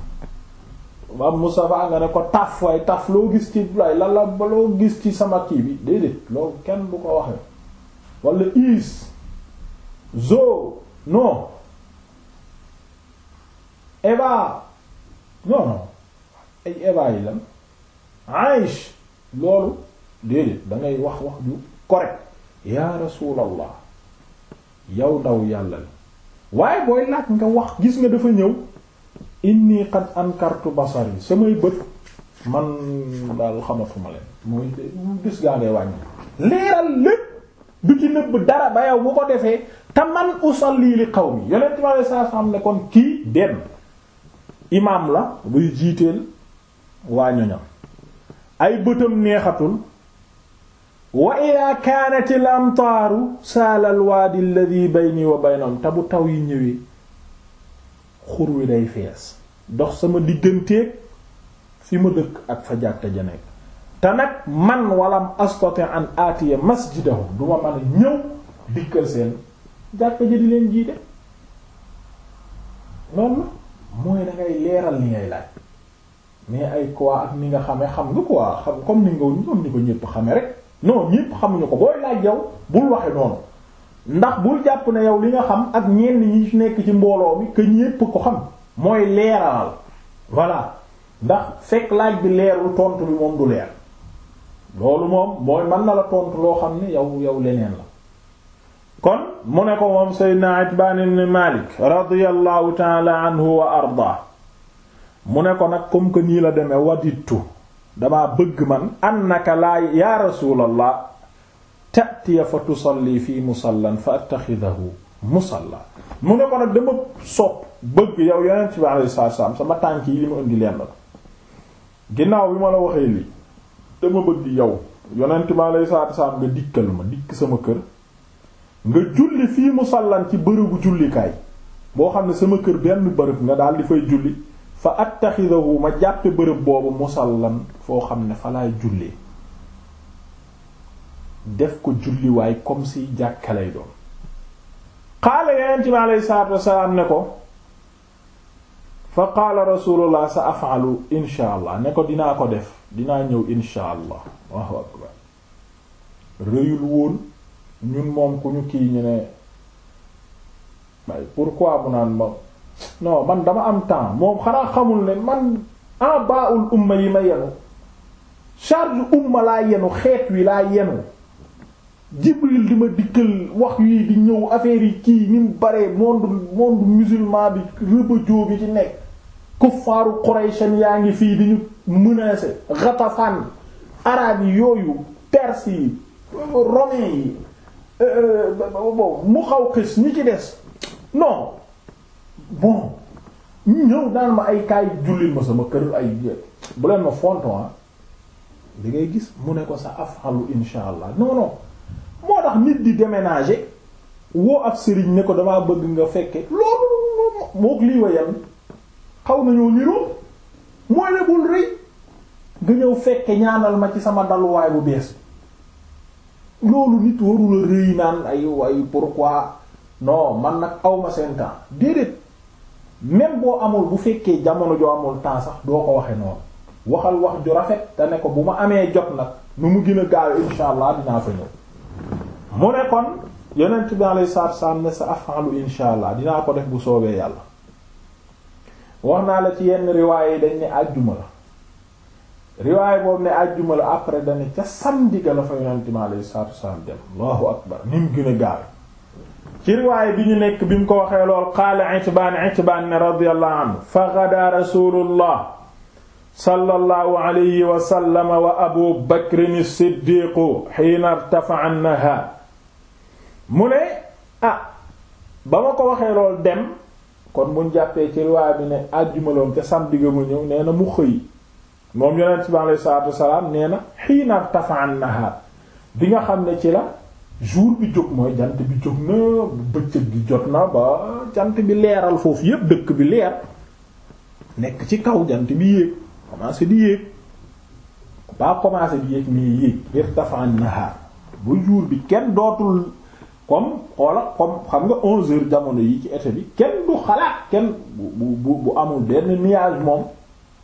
am Moustapha nga ne ko taf waaye taf loo gis ci lay la baloo gis ci sama kii bi déedéet loolu kenn du ko waxee walla is zo non eba non ay eba yi lan Aïch loolu déedéet da ngay wax wax ju correct yaa rasulallah yow ndaw yàlla la waaye booy laaj nga wax gis nga dafa ñëw inni qad ankartu basari samay bët man daal xamatuma leeral lépp du ci nëbb dara ba yow bu ko defee te man usalli li xaw yonent bi alei sat xam la buy jiiteel waa ñoñam ay bëtam neexatul wa ida kaanat al amtaaru saala al waadi alladhi bayni wa baynahum te taw yi ñëwee xur wi day fees dox sama digganteeg fi ma dëkk ak fa jàkka ja nekk te nag man walam astati an aatiya masjidahu duma mën a ñëw dikkal seen jàkka ja di leen jiite loolu mooy da leeral li ngay laaj mais ay quoi ak ni nga xame xam nga quoi xam comme ni nga ñoom ni ko ñépp xame rek non ñépp xamuñu ko booy laaj yow bul waxe noonu ndax bul jàpp na yow li nga xam ak ñenn ñi ci nekk ci mbooloo mi que yëpp ko xam mooy leeral voilà ndax fekk laaj bi leerul tontu bi moom du leer loolu moom mooy mën na la tontu loo xam ne yow yow leneen la kon mu ne ko moom sey Seydina Itbaan ibn Malik radiyallahu ta'ala anhu wa arda mu ne ko nag comme que nii la demee waditu damaa bëgg man annaka laa yaa rasulallah tatiya fa tusalli fii musallan fa attaxidahu musalla mu ne ko nag dama sopp bëgg yow yonent bi alayhi salaatu salaam sama tànk yi li ma indi leen la ginnaaw bi ma la waxee lii dama bëgg yow yonent bi alayhi salaatu salaam nga dikkal ma dikk sama kër nga julli fii musallan ci bërëbu jullikaay boo xam ne sama kër benn bërëb nga daal di fay julli fa attaxidahu ma jàppe bërëb boobu musallan foo xam ne fa laay jullee def ko julliwaay comme si jàkka lay doon qaala yonent bi aleyhi allah ne ko dinaa ko def dinaa ñëw insha allah allahu woon ñun moom ku ñu kii ñu ne may pourquoi bu naan ma non man dama am temps moom xanaa xamul ne man abaul umma yi ma yenu charge umma laa yenu xeet wi laa yenu jibril di ma dikkal wax yi di ñëw affaire yi kii ni mu bare monde musulman bi rëbëjoo bi ci nekk kuffaaru quraychan yaa ngi fii di ñu menacer araab yi yooyu perse yi yi euh, euh, mu xaw xis ñi ci des non bon ñu ñëw daan ma ay kaay jullit ma sama kër ay bu leen ma fonton ah. li ngay gis mu ne ko sa afxalu insha allah non non moo tax nit di déménager woo ab sëriñ ne ko damaa bëgg nga fekke loolu mook lii wayam xaw nañoo niroo mooy ne bul rëy nga ñëw fekke ñaanal ma ci sama daluwaay bu bees loolu nit warula rëy naan ay pourquoi non man nag awma seen déedéet même boo amul bu fekkee jamono joo amul temps sax doo ko waxee noonu waxal wax ju rafet te ne ko bu ma amee jot nag nu mu gën a gaawe insha allah dinaa fa ñëw mu ne kon sa afalu insha allah dinaa ko def bu soobee yàlla wax naa la ci yenn riwaay yi dañ ne àjjuma la riwaay boobu ne àjjuma la après dañ ne ca samedi ga la fa yonent bi alayhi salaatu wassalaam dem allahu akbar ni mu gën a gaawe ci riwaaya bi ñu nekk bi mu ko waxee lool qaala Itbaan Itbaan ne radiyallahu anhu fa ghadaa rasuulullah sallallahu alayhi wa sallam wa abu bakrin siddiq hiina irtafa'a an-nahaar mu ne ah ba ma ko waxee lool dem kon buñ jàppee ci riwaaya bi ne àjjuma loon ca samedi ga mu ñëw nee na mu xëy moom yonent bi alayhi salaatu bi nga xam ne ci la jour bi jóg mooy jant bi jóg na bëccëg bi jot na ba jant bi leeral foofu yépp dëkk bi leer nekk ci kaw jant bi yéeg commencé di yéeg ba commencé di yéeg mais yéeg irtafa'an nahar ba jour bi kenn dootul comme xoola comme xam nga onze heures jamono yi ci été bi kenn du xalaat kenn bu bu bu amul benn nuage moom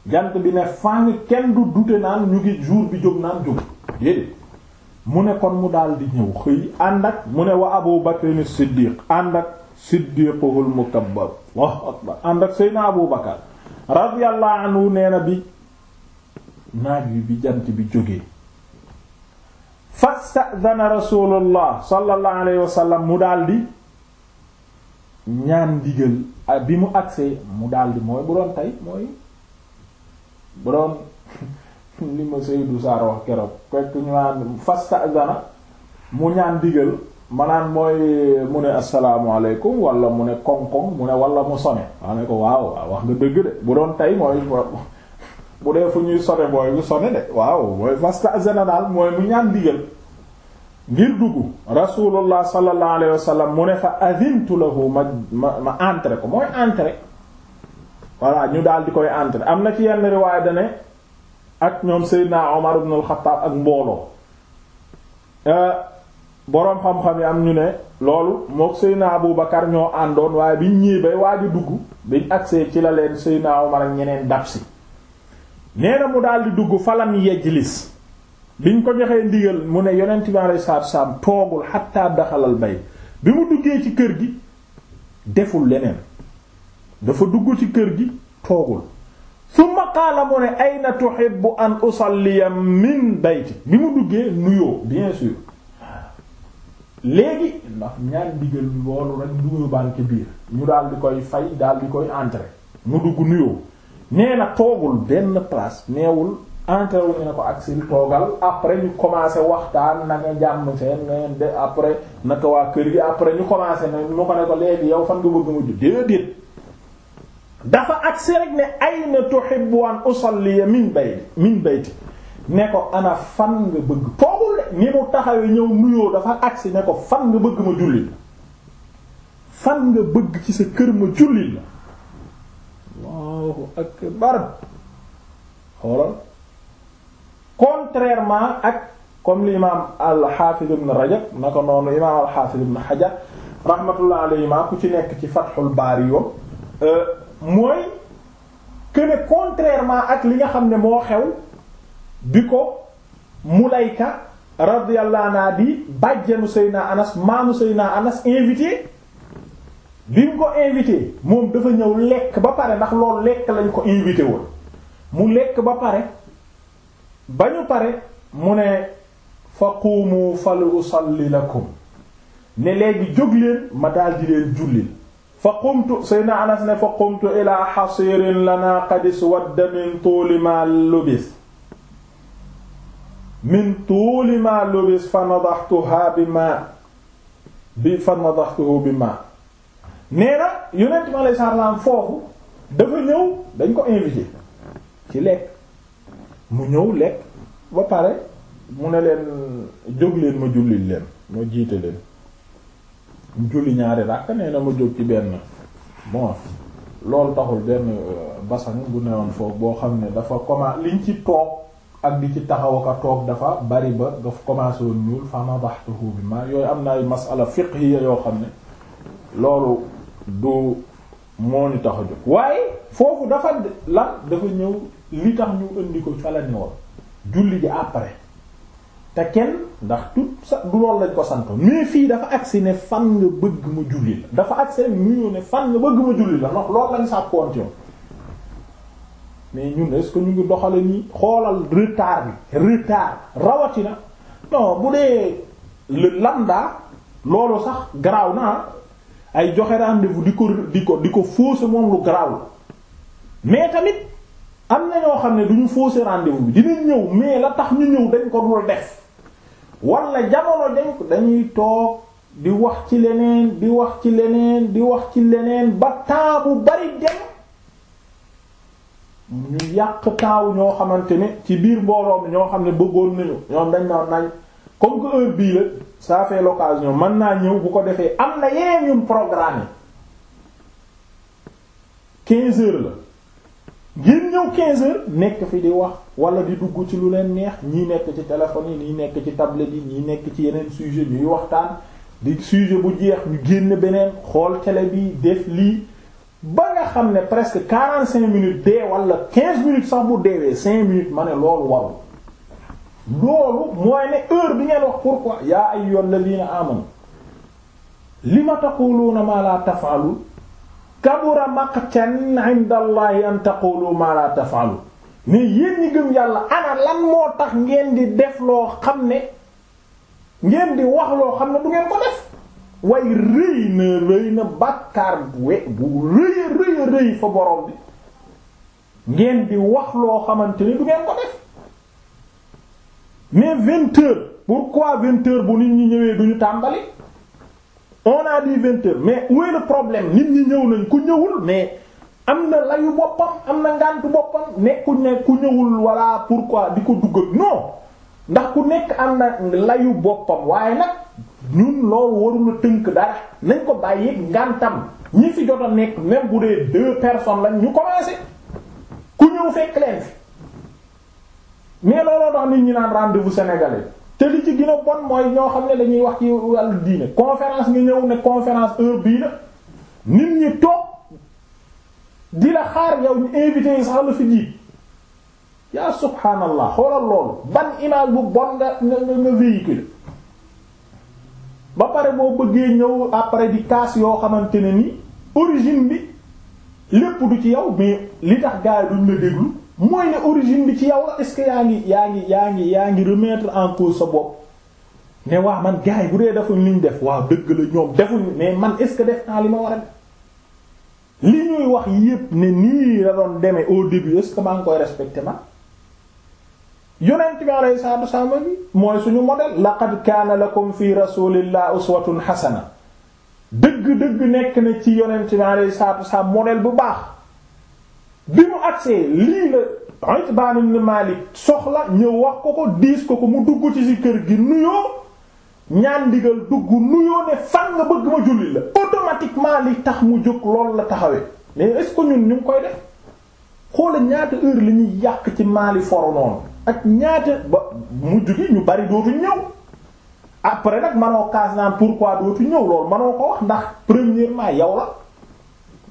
jant bi ne fàng kenn du dute naan ñu ngi jour bi jóg naan jóg mu ne kon mu daldi ñëw xëy ànd ak mu ne wa Abu Bakr Siddiq ànd ak siddiquhul mukabbar ànd ak Seydina Abu Bakar radiyallahu anhu nee na bi naaj bi bi jant bi jógee fastadana rasulullah sallallahu alayhi wa sallam mu daldi ñaan digal bi mu agsee mu daldi mooy bu doon tey mooy bu doon li ma Seydou Sarr wax keroog fekk ñu naan fasta gana mu ñaan digal manaan mooy mu ne asalaamaaleykum wala mu ne koŋ-koŋ mu ne wala mu sone waa ne ko waaw waaw nga dëgg de bu doon tay mooy bu dee fu ñuy sone mooy bu sone de waaw mooy fasta gana daal mooy mu ñaan digal ngir dugg rasulullah sallallahu alayhi wa sallam mu ne fa azintu lahu ma ma ma entré ko mooy entré voilà ñu daal di koy entré am na ci yenn riwaaya da ne ak ñoom Seydina Omar ibn al-Khattab ak mbooloo euh, boroom xam-xam yi am ñu ne loolu mook Seydina Abu Bakar ñoo àndoon waaye biñ ñëwee bay waaju dugg biñ agsee ci la leen Seydina Omar ak ñeneen dab si nee mu daldi dugg falam yejlis biñ ko joxee ndigal mu ne yonent bi alayhi salaatu salaam toogul xatta daxalal bay bi mu duggee ci kër gi deful leneen dafa dugg ci kër gi toogul summa qaala mu ay ayna tuhibbu an usalliya min bayti bi mu duggee nuyoo bien sûr léegi ndax ñaan digal bi boolu rek nuyoo baan biir ñu daal di koy fay daal di koy entrer mu dugg nuyoo nee na toogul benn place neewul entrer wu ne ko ak si toogal après ñu commencé waxtaan na nga jàmm seen ngeen de après naka waa kër gi après ñu commencé na mu ko ne ko léegi yow fan nga bëgg mujj déedéet dafa agsi rek ne ayna tuhibbu an usalli min bayti min bayti ne ko ana fan nga bëgg toogul ni mu taxawee ñëw nuyoo dafa agsi ne ko fan nga bëgg ma julli la fan nga bëgg ci sa kër ma julli la allahu akbar xoolal contrairement ak comme l'imam al-Hafiz ibn Rajab na ko noonu imam al-Hafiz ibn Hajar rahmatullah alayhi ku ci nekk ci Fathul Bari yo mooy que contrairement ak li nga xam ne moo xew bi ko mu Mulayka radiyallahu anha di bàjjanu Seyna Anas maamu Seyna Anas invité bi mu ko invité moom dafa ñëw lekk ba pare ndax loolu lekk lañ ko invité woon mu lekk ba pare ba ñu pare mu ne faqumu fal usalli lakum ne léegi jóg leen ma daldi leen jullil fa qumtu Seydina Anas ne fa qumtu ilaa xasiirin lanaa qad iswadda min tuuli maa lubis min tuuli maa lubis fa nadaxtuhaa bi maa bi fa nadaxtuhu bi maa nee na yonent ma lay sarlaan foofu dafa ñëw dañ ko invité ci lekk mu ñëw lekk ba pare mu ne leen jóg leen ma jullil leen ma jiite leen julli ñaari ràkk nee na ma jóg ci benn bon loolu taxul benn euh, basan bu newoon foofu boo xam ne dafa commencé liñ ci toog ak di ci taxaw ak toog dafa bari ba daf commencé woon ñuul fama baxtuhu bi ma yooyu am na ay masala fiqhiya yoo xam ne loolu du moo ñu tax a jóg waaye foofu dafa lan dafa ñëw li tax ñu indi ko fa la ne woon julli ji après te kenn ndax tout sa du loolu lañ ko sant mais fii dafa agsi ne fan nga bëgg ma julli la dafa agsi rek mu ne fan nga bëgg ma julli la ndax loolu mais ñun ñu doxale nii xoolal retard bi retard rawatina non bu dee le lambda sax garaaw naa ah. ay joxe rendez-vous di ko di ko di ko moom lu garaaw la mais tamit am na ñoo xam ne du ñu fausser rendez bi dinañ ñëw mais la tax ñu ñëw dañ ko dul def wala jamono dañ dañuy toog di wax ci leneen di wax ci leneen di wax ci leneen ba temps bu bari dem ñu yàq taaw ñoo xamante ne ci biir mbooloo ñoo xam ne bëggoon nañu ñoom dañ naan nañ comme que heure bii la ça fait l'occasion mën naa ñëw bu ko defee am na yeneen ñum programme quinze heures la ngir ñëw quinze heures nekk fi di wax wala di dugg ci lu leen neex ñii nekk ci téléphone yi ñii nekk ci tablette yi ñii nekk ci yeneen sujet ñuy waxtaan di sujet bu jeex ñu génn beneen xool cele bi def lii ba nga xam ne presque quarante cinq minutes dee wala quinze minutes sax bu deewee cinq minutes ma ne loolu warul loolu mooy ne heure bi ngeen wax pourquoi yaa ayyuhal ladina amanu lima taquluna ma la taf'alun kabura maqtan 'inda allahi an taqulu ma la taf'alun mais yéen ñi gëm yàlla ana lan moo tax ngeen di def loo xam ne ngeen di wax loo xam ne du ngeen ko def way rëy na rëy na bàkkaar bu we bu rëy a rëy a rëy fa borom bi ngeen di wax loo xamante ni du ngeen ko def mais vingt heures pourquoi vingt bu nit ñi ñëwee duñu tàmbali on a dit vingt mais où est problème nit ñi ñëw nañ ku ñëwul mais am na layu boppam am na ngàntu boppam nekkuñ ne ku ñëwul walla pourquoi di ko dugg non ndax ku nekk am na layu boppam waaye nag ñun loolu warula tënk dara nañ ko bàyyi ngàntam ñi fi jot a nekk même bu dee deux personnes lañ ñu commencé ku ñëw fekk leen fi mais looloo tax nit ñi naan rendez-vous sénégalais te li ci gën a bon mooy ñoo xam ne dañuy wax ci wàllu diine conférence nga ñëw ne conférence heure bii la nit ñi toog. di la xaar yow ñu invité yi sax la fi jiit yaa subhaanallah xoolal loolu ban image bu bon nga nga nga véhiculer ba pare boo bëggee ñëw après di kaas yoo xamante ne ni origine bi lépp du ci yow mais li tax gars yi duñ la déglu mooy ne origine bi ci yow la est yaa ngi yaa ngi yaa ngi yaa ngi remettre en cause sa bopp ne waa man gars yi bu dee defuñ liñ def waa dëgg la ñoom defuñ mais man est-ce que def naa li ma war li ñuy wax yépp ne nii la doon demee au début maa ngi koy respecté ma yonent bi alayhi salaatu wasallam mooy suñu modèle laqad kaana lakum fi rasulillahi uswatun hasana dëgg-dëgg nekk na ci yonent bi alayhi salaatu wasallam modèle bu baax bi mu agsee lii la Itbaan soxla ñëw wax ko ko diis ko ko mu dugg ci si kër gi nuyoo ñaan digal dugg nuyoo ne fan nga bëgg ma julli la automatiquement li tax mu jóg loolu la taxawee mais est-ce que ñun ñu ngi koy def xoola ñaata heure li ñuy yàq ci maali foro noonu ak ñaata ba mujj gi ñu bari dootu ñëw après nag manoo kaas naan pourquoi dootu ñëw loolu manoo ko wax ndax premièrement yow la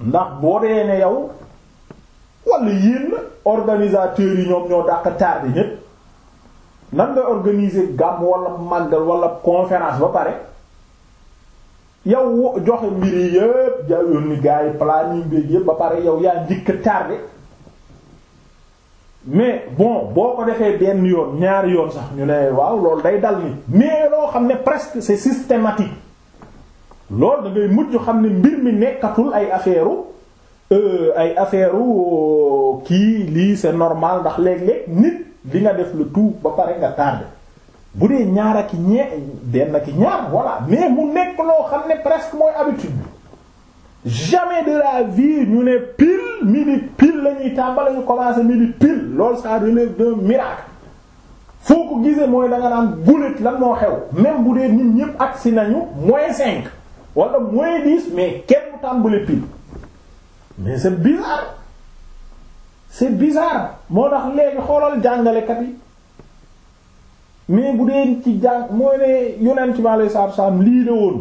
ndax boo dee ne yow wala yéen organisateurs yi ñoom ñoo dàq bi ñépp nan nga organiser gàmm wala màggal wala conférence ba pare yow joxe mbir yi yëpp ja yónni gars yi planning bi yëpp ba pare yow yaa njëkk tardé mais bon boo ko defee benn yoon ñaari yoon sax ñu ne waaw loolu day dal ni mais loo xam ne presque c'est systématique loolu da ngay mujj xam ne mbir mi nekkatul ay affaire euh, ay affaire kii lii c'est normal ndax léeg-léeg nit. di nga def le tout ba pare nga tardé bu dee ñaar ak ñe benn ak ñaar voilà mais mu nekk loo xam ne presque mooy habitude bi jamais de la vie ñu ne pile midi pile la ñuy tàmbali ñu commencé midi pile lool ça relève d'un miracle foo ko gisee mooy da nga gulet lan moo xew même bu dee nit ñëpp agsi nañu moins cinq wala moins dix mais kenn tàmbali pile mais c'est bizarre c'est bizarre moo tax léegi xoolal jàngalekat yi mais bu dee ci jàng mooy ne yonent bi alayhi salaatu salaam lii la woon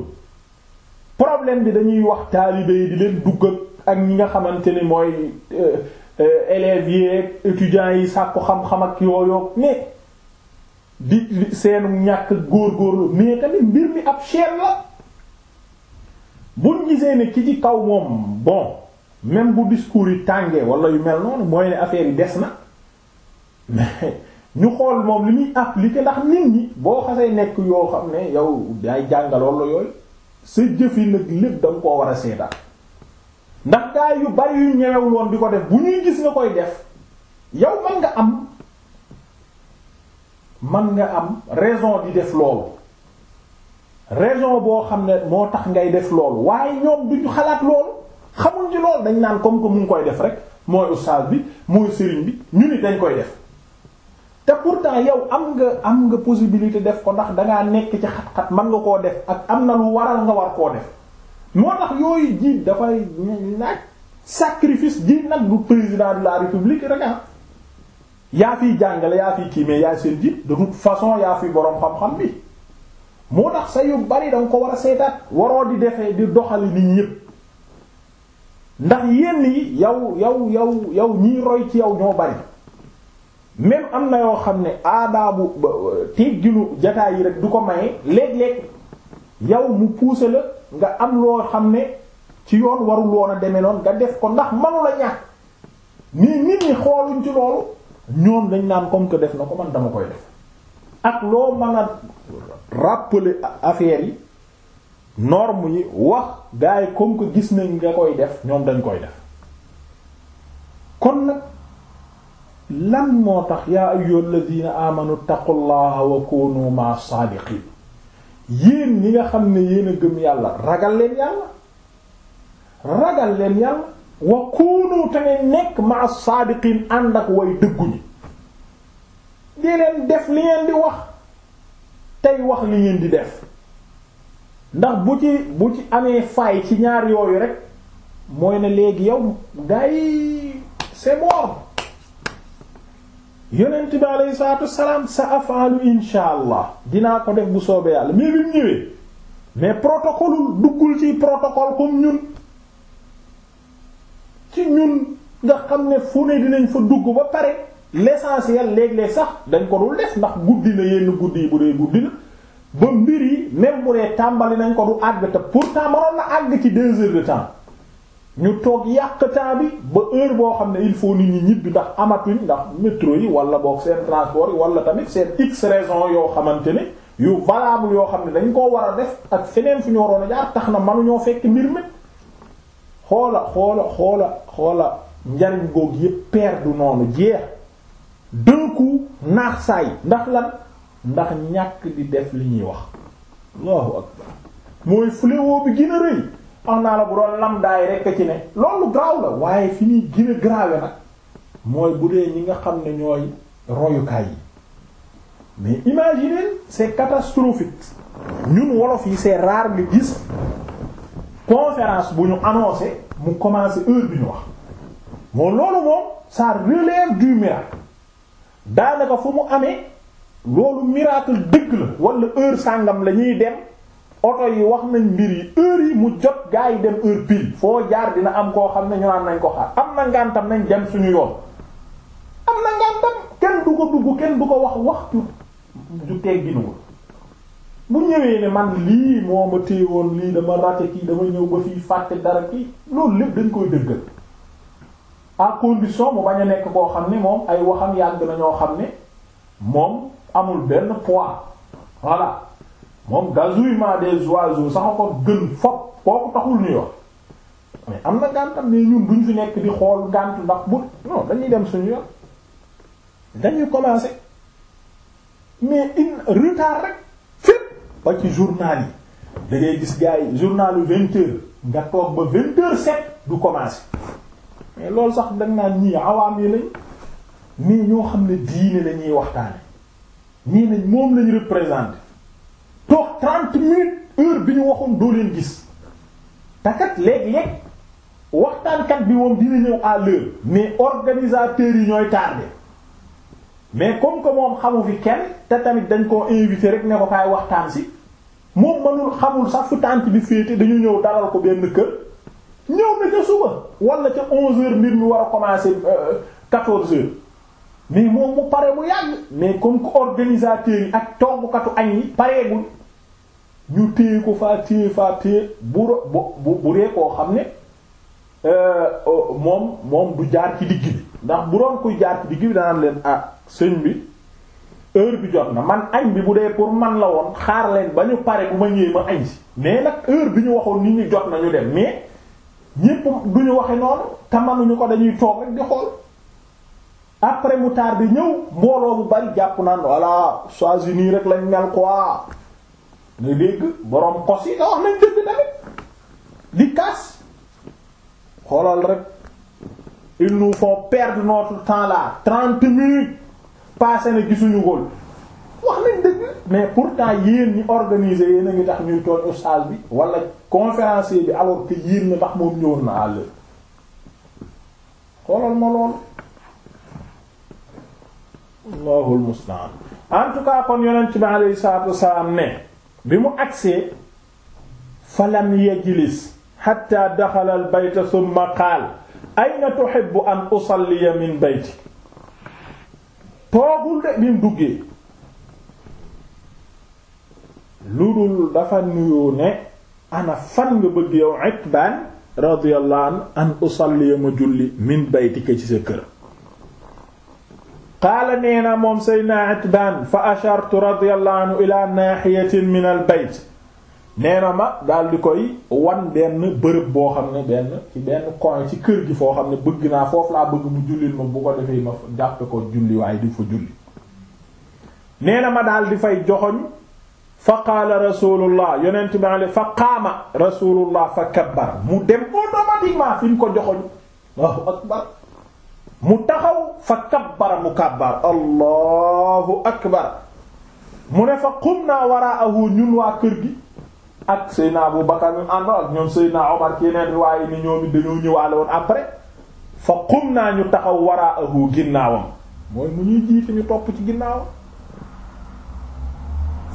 problème bi dañuy wax taalibe yi di leen dugg ak ñi nga xamante ni mooy euh, euh, élèves yi étudiants yi sàkku xam-xam ak yooyu mais di seenu ñàkk góorgóorlu mais tamit mbir mi ab cher la buñ gisee ne ki ci kaw moom bon. même bu discours yi tàngee wala yu mel noonu mooy ne affaire yi des na ñu xool moom li muy appliquer ndax nit ñi boo xasee nekk yoo xam ne yow day jàngaloon la yooyu sa jëf nag lépp da nga koo war a seetaan ndax gaay yu bari yu ñewewul woon di ko def bu ñuy gis nga koy def yow man nga am man nga am raison di def loolu raison boo xam ne moo tax ngay def loolu waaye ñoom duñu xalaat loolu xamuñ ci loolu dañ naan comme que mu ngi koy def rek mooy ustaas bi mooy sëriñ bi ñu ni dañ koy def te temps yow am nga am nga possibilité def ko ndax dangaa nekk ci xat-xat mën nga koo def ak am na lu waral nga war koo def moo tax yooyu jiit dafay naaj sacrifice jiit nag du président de la république rek ah yaa fi jàngale yaa fiy kii mais yaa seen jiit de façon yaa fi boroom xam-xam bi moo tax sa yu bari da ko war a seetaat waroo di defee di doxali nit ñépp ndax yenn yi yow yow yow yow ñiy roy ci yow ñoo bari même am na yoo xam ne aadaabu tegginu jataay yi rek du ko maye léeg-léeg yow mu pousser la nga am loo xam ne ci yoon warul woon a demee noonu nga def ko ndax manu la ñàkk nii nit ñi xooluñ ci loolu ñoom dañ naan comme que def na ko man dama koy def ak loo mën a rappeler affaire yi norm yi wax gars yi comme que gis nañ nga koy def ñoom dañ koy def kon nag lan moo tax yaa ayyuhal ladina amanu taqullaha wa kunu ma saadiqin yéen ñi nga xam ne yéen a gëm yàlla ragal leen yàlla ragal leen yàlla wa kunu te nekk ma saadiqin ànd ak way dëgguñi di leen def li ngeen di wax tey wax li ngeen di def ndax bu ci bu ci amee faay ci ñaar yooyu rek mooy ne léegi yow gars yi c'est mort yonent bi sa afaalu insha allah dinaa ko def bu soobee yàlla mais bi mu ñëwee mais protocole duggul ci protocole comme ñun ci ñun nga xam ne fu ne dinañ fa dugg ba pare l'essentiel léeg-léeg sax dañ ko dul def ndax guddi na yenn guddi yi bu dee guddi na ba mbir yi même bu dee tàmbali nañ ko du àgg te pourtant mënoon na àgg ci deux heures de temps ñu toog yàq temps bi ba heure boo xam ne il faut nit ñi ñibbi ndax amatuñ ndax métro yi wala boog seen transport yi wala tamit seen x raison yoo xamante ne yu valable yoo xam ne dañ koo war a def ak feneen fu ñu waroon a jaar tax na mënuñoo fekk mbir mi xoola xoola xoola xoola njariñ googu yëpp perdre noonu jeex d'un coup naax saay ndax lan. ndax ñàkk di def li ñuy wax allahu akbar mooy fléau bi gën rëy am naa la bu doon lam daay rekk ci ne loolu garaaw la waaye fi ñuy gën a nag mooy bu dee ñi nga xam ne ñooy royukaay yi mais imaginez c'est catastrophique ñun wolof yi c'est rare nga gis conférence bu ñu annoncé mu commencé heure bi ñu wax moom loolu moom ça relève du miracle daanaka fu mu amee loolu miracle dëgg la wala heure sàngam lañuy dem oto yi wax nañ mbir yi heure yi mu jot gaa yi dem heure pile foo jaar dina am koo xam ne ñu naan nañ ko xaar am na ngantam nañ dem suñu yoon am na ngantam kenn du ko dugg kenn du ko wax waxtu ju tegginuwul bu ñëwee ne man lii moo ma woon lii dama raté kii dama ñëw ba fii fàtte dara kii loolu lépp dañ koy dëggal à condition mu bañ a nekk koo xam ne moom ay waxam yàgg na ñoo xam ne moom amul benn poids voilà moom gazouillement des oiseaux sax ko gën fop kooku taxul ñuy wax mais am na gàntam ne ñun duñ fi nekk di xool gànt ndax bu non dañuy dem suñu yoon dañuy commencer mais in retard rek fépp ba ci journal yi da ngay gis gars nga toog ba vingt heures du commencer mais loolu sax dañ naa ñii awaam yi lañ mais ñoo xam ne diine la ñuy waxtaane ñii nañ moom lañu représenté toog trente minutes heure bi ñu waxoon doo leen gis takat léeg-léeg waxtaankat bi moom dina ñëw à l'heure mais organisateurs yi ñooy tardé mais comme que moom xamu fi kenn te tamit dañ koo invité rek ne ko kaay waxtaan si moom mënul xamul sax fu tànt bi féete dañu ñëw dalal ko benn kër ñëw na ca suba wala ca onze heures mbir mi war a commencer euh, quatorze heures mais moom mu pare mu yàgg mais comme que organisateurs yi ak toggukatu añ yi pareegul ñu téye ko faa téye faa téye bu bu bu dee koo xam ne euh, euh, moom moom du jaar ci digg bi ndax bu doon koy jaar ci digg bi danaan leen ah sëñ bi heure bi jot na man añ bi bu dee pour man la woon xaar leen ba ñu pare ku ma ñëwee ma añ si mais nag heure bi ñu waxoon nit ñi jot nañu ñu dem mais ñépp du ñu waxe noonu te manuñu ko dañuy toog rek di xool. après mu tardé ñëw mbooloo bu bari jàpp naan voilà choisi nii rek lañ mel quoi nga dégg borom kos yi nga wax nañ dëgg tamit di kaas xoolal rek ils nous font perdre notre temps là trente minutes passé na gisuñu góol wax nañ dëgg mais pourtant yéen ñi organiser yéen a ngi tax ñuy tooñ oustaz bi wala conférencier bi alors que yéen na tax moom ñëwoon na àll xoolal ma loolu allahul musta'an en tout cas kon yonent bi alayhi salaatu wasalaam ne bi mu agsee fa lam yajlis hatta daxala al bayta thumma ayna tuhibbu an usalliya min bayti toogul de bi mu duggee lu dul dafa nuyoo ne ana fan nga bëgg yow Itbaan radiyallahu an an usalliya ma julli min baytika ci sa kër qaala nee na moom seydna itbaan fa ashartu radiyallahu anhu ila naaxiyatin min al bayt ma daal di koy wan benn bërëb boo xam ne benn ci benn coin ci kër gi foo xam ne bëgg naa foofu laa bëgg mu jullil ma bu ko defee ma jàppe ko julli waaye du fa julli nee ma daal di fay joxoñ fa qaala rasulullah yonent bi ale fa qaama rasulullah fa kabbara mu dem automatiquement fi ñu ko joxoñ waaw akbar mu taxaw fa kabbara mu kabbar allahu akbar mu ne fa qumna waraahu ñun waa kër gi ak Seydina Abu Bakar ñu ànd ak ñoom Seydina Omar ci yeneen riwaay ni ñoom it dañoo ñëwaale woon après fa qumna ñu taxaw waraahu ginnaawam mooy mu ñuy jiite ñu topp ci ginnaawam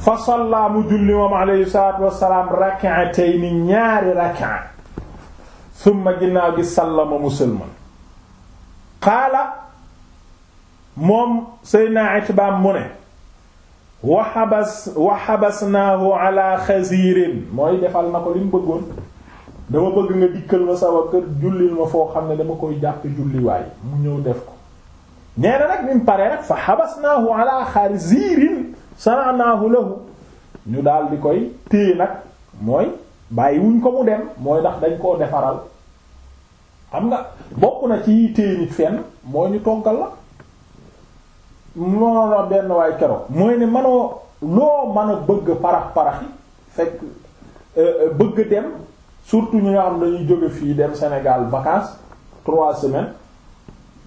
fa salla mu julli moom alayhi salaatu wassalaam rak'atayn ñaari rak'a thumma ginnaaw gi sallama musulman qaala moom Seydina Itbaam mu ne wa habas wa habasnaahu ala xaziirin mooy defal na ko li mu bëggoon dama bëgg nga dikkal ma sama kër jullil ma foo xam ne dama koy jàpp julliwaay mu ñëw def ko nee na nag nim paree nag fa habasnaahu ala xaziirin sana'naahu lahu ñu daal di koy téye nag mooy bàyyi wuñ ko mu dem mooy ndax dañ koo defaral xam nga bokk na ci yittee nit fenn moo ñu tonkal la moo la benn waay keroog mooy ne manoo loo mën a bëgg parax paraxi fekk euh, euh, bëgg dem surtout ñu nga xam dañuy jóge fii dem Sénégal vacances trois semaines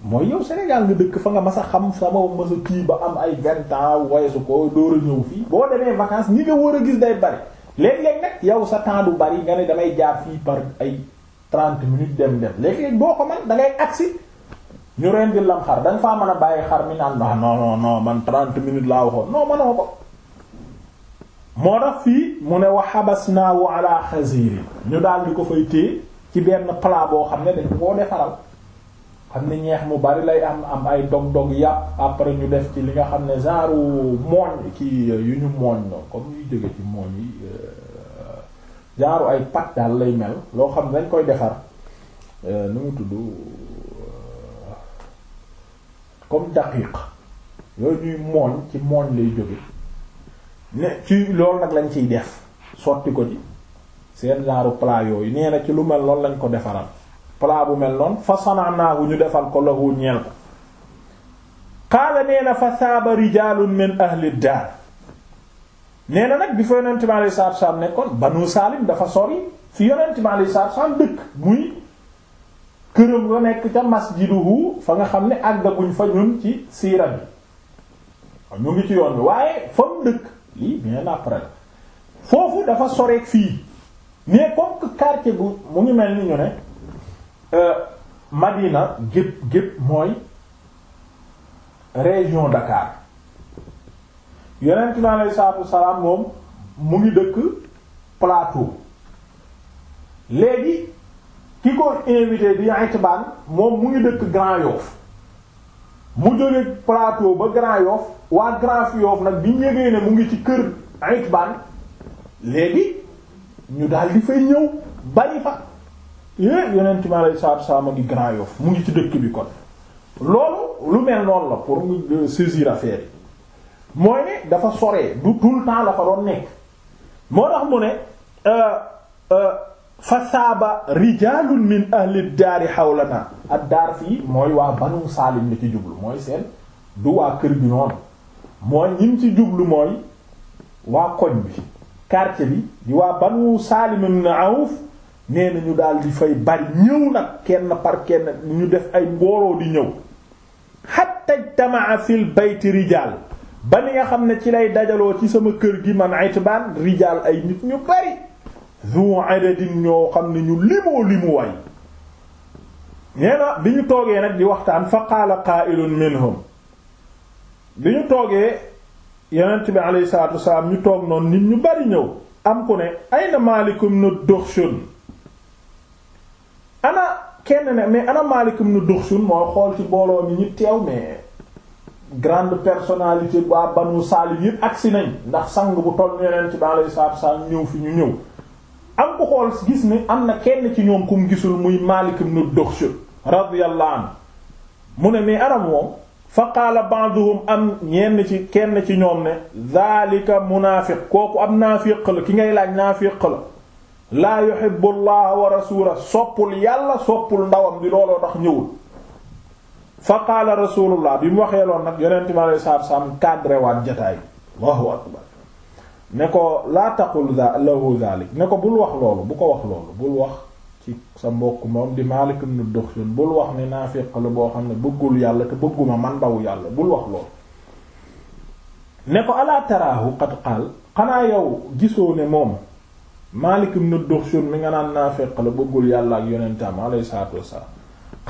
mooy yow Sénégal nga dëkk fa nga mas sa xam sama mas a kii ba am ay vingt ans weesu ko door a ñëw fii boo demee vacances ñi nga war a gis day bari léeg-léeg nag yow sa temps du bari nga ne damay jaar fii par ay 30 minutes dem dem léegi boo ko man da ngay agsi ñu rendi lam xar da faa mën a bàyyi xar mi naan ah, non non non man 30 minutes laa waxoon non manoo ko. moo tax fii mu ne wa habasnaahu ala xazirin ñu daal di ko fay téye ci benn plat boo xam ne dañ koo defaral xam ne ñeex mu bari lay am am ay dog-dog yàpp après ñu def ci li nga xam ne genre mooñ ki yu ñu mooñ comme ñuy jóge ci mooñ yi. Euh, jaaru ay pat daal lay mel loo xam ne dañ koy defar euh, nu mu tudd euh, comme daqiq yooyu ñuy mooñ ci mooñ lay jóge ne ci lool nag lañ ciy def sotti ko ci seen jaaru plat yooyu nee na ci lu mel noonu lañ ko defaral plat bu mel noonu fa sananaahu ñu defal ko lahu ñeel ko qaala nee na fa saaba rijaalun min ahli daar nee na nag bi fa yonent bi alayhi salaatu salaam nekkoon banu saalim dafa sori fi yonent bi alayhi salaatu salaam dëkk muy këram nga nekk ca masjiduhu fa nga xam ne àggaguñ fa ñun ci siira bi ñu ngi ci yoon bi waaye fa mu dëkk lii bien après la foofu dafa soreek fii mais comme que quartier bu mu ngi mel ni ñu ne euh, Madina gépp gépp mooy région Dakar yonent mi aleyhi salaatu wasalaam moom mu ngi dëkk plateau léegi ki ko invité di Itbaan moom mu ngi dëkk Grand Yoff mu jóge plateau ba Grand Yoff waa Grand Yoff nag bi ñu mu ngi ci kër Itbaan léegi ñu daal di fay ñëw bari fa yé yeneen mi aleyhi salaatu wasalaam a ngi Grand Yoff mu ngi ci dëkk bi kon loolu lu mel noonu la pour nga euh, saisir affaire mooy ne dafa soree du tout le temps la fa doon nekk moo tax mu ne euh, euh, fa saaba min ahli daari xawlana ak daar fii mooy waa banu saalim la ci jublu mooy seen du waa kër ci jublu mooy waa koñ bi quartier bi di waa banu saalim ibn Awf nee na ñu daal di fay bari ñëw nag kenn par kenn ñu def ay mbooloo di ñëw hatta ijtama'a fil bayti rijal ba ni nga xam ne ci lay dajaloo ci sama kër gi man itbaan rijaal ay nit ñu bari zu adadin ñoo xam ne ñu limoo limu way nee na bi ñu toogee nag di waxtaan fa qaala qaa'ilun minhum bi ñu toogee yonent bi alayhi salaatu wasalaam ñu toog noonu nit ñu bari ñëw am ku ne ayna maalikum nu duxsun ana kenn ne mais ana maalikum nu duxsun moo xool ci booloo mi ñu teew mais grande personnalité ba banu Saalim yëpp agsi nañ ndax sang bu toll yeneen ci daal saatu salam ñëw fi ñu ñëw am ko xool gis ni am na kenn ci ñoom ku gisul muy Maalik ibn Dukhsh radiyallahu anhu mu ne mais aram moom fa qaala ba'duhum am ñenn ci kenn ci ñoom ne zaalika munaafiq kooku am naafiq la ki ngay laaj naafiq la laa yuhibbu allaha wa rasulahu soppul yàlla soppul ndawam bi looloo tax ñëwul fa qaala rasulullah bi mu waxee loon nag yonent bi alei saatu salaam cadre waat jataay allahu akbar ne ko laa taqul lahu zalik ne ko bul wax loolu bu ko wax loolu bul wax ci sa mbokk moom di Maalik ibn Duxsum bul wax ne naafiq la boo xam ne bëggul yàlla te bëgguma man ndaw yàlla bul wax loolu ne ko alaa taraahu qad qaal xanaa yow gisoo ne moom Maalik ibn Duxsum mi nga naan naafiq la bëggul yàlla ak yonentam alayhi salaatu wassalaam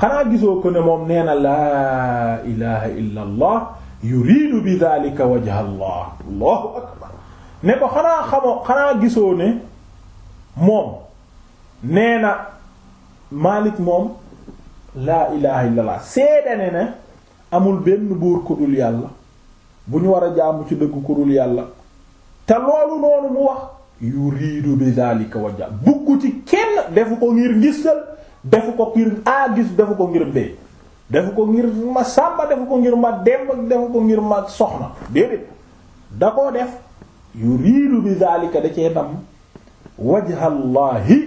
xanaa gisoo ko ne moom nee na laa ilaha illa allah yuridu bi dhalika wajha allah allahu akbar ne ko xanaa xamoo xanaa gisoo ne moom nee na Maalik moom laa ilaha illa seede ne ne amul benn buur ku dul yàlla bu ñu war a jaamu ci dëgg ku dul yàlla te loolu noonu mu wax yuridu bi dhalika wajha bugg ci kenn defu ko ngir ngisal defu ko ngir A gis defu ko ngir B ko ngir ma sàmba defu ko ngir ma demb defu ko ngir ma soxna déedéet da koo def yu riidu bi daalika da cee nam wajhallahi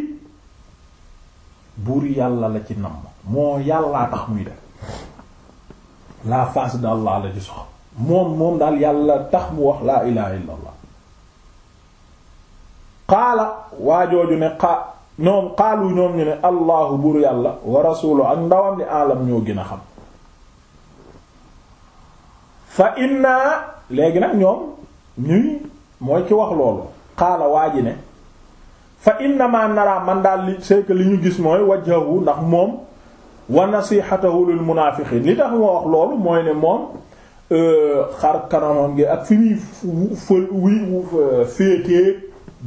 buur yàlla la ci nam moo yàllaa tax muy def la face d'Allah la ci sox moom moom daal yàlla tax mu wax laa ilaha illa allah qaala waajooju ne qaa ñoom xaalu ñoom ñu ne allahu buur yàlla wa ak ndawam li alam ñoo gin a xam fa inna léegi nag ñoom ñuy mooy ci wax loolu xaala waa ji ne fa inna ma nara man daal li c'est li ñu gis mooy wajhahu ndax moom wa nasihatahu lil munaafiqiin li tax moo wax loolu mooy ne moom euh, xar kanamam gi ak fi muy fël wi féetee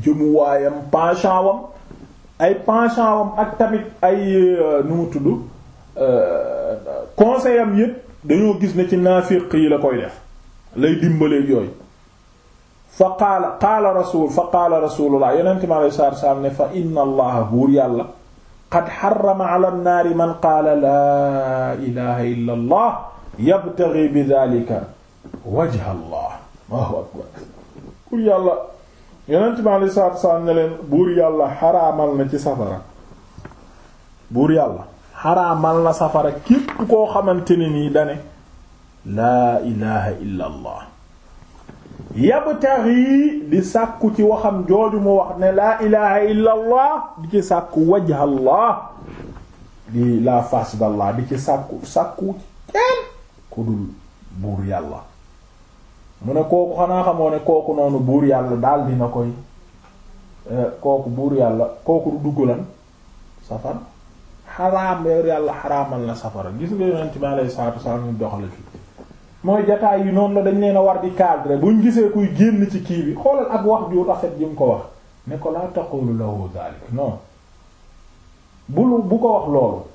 jëmuwaayam penchant wam ay penchant wam ak tamit ay euh, nu mu tudd euh, conseil am yépp dañoo gis ne ci naafiq yi la koy def lay dimbaleeg yooyu fa qaala qaala rasul fa qaala rasulullah yonente mi alei saatu salaam ne fa inna allaha buur yàlla qad xarama ala nnaari man qaala laa ilaha illa allah yabtaghi bi dhalika wajha allah allahu akbar buur yàlla yonent a alayhi salaatu salaam ne leen buur yàlla xaraamal na ci safara buur yàlla xaraamal na safara képp koo xamante ne nii dane laa ilaha illa allah yabtaxi di sàkku ci waxam jooju mu wax ne laa ilaha illa di ci sàkku wajha allah di la face di ci sàkku sàkku kenn ku dul buur yàlla mu ne kooku xanaa xamoo ne kooku noonu buur yàlla daal dina koy eh, kooku buur yàlla kooku du dugg lan safar xaraam yor yàlla xaraamal na safara gis nga yonent bi alayhi salaatu wasallam ñu doxale ci mooy jataay yi noonu la dañ leen a war di cadre buñ gisee kuy génn ci kii bi xoolal ak wax ju rafet ji mu ko wax ne ko laa taqulu lahu dalik non bul bu ko wax loolu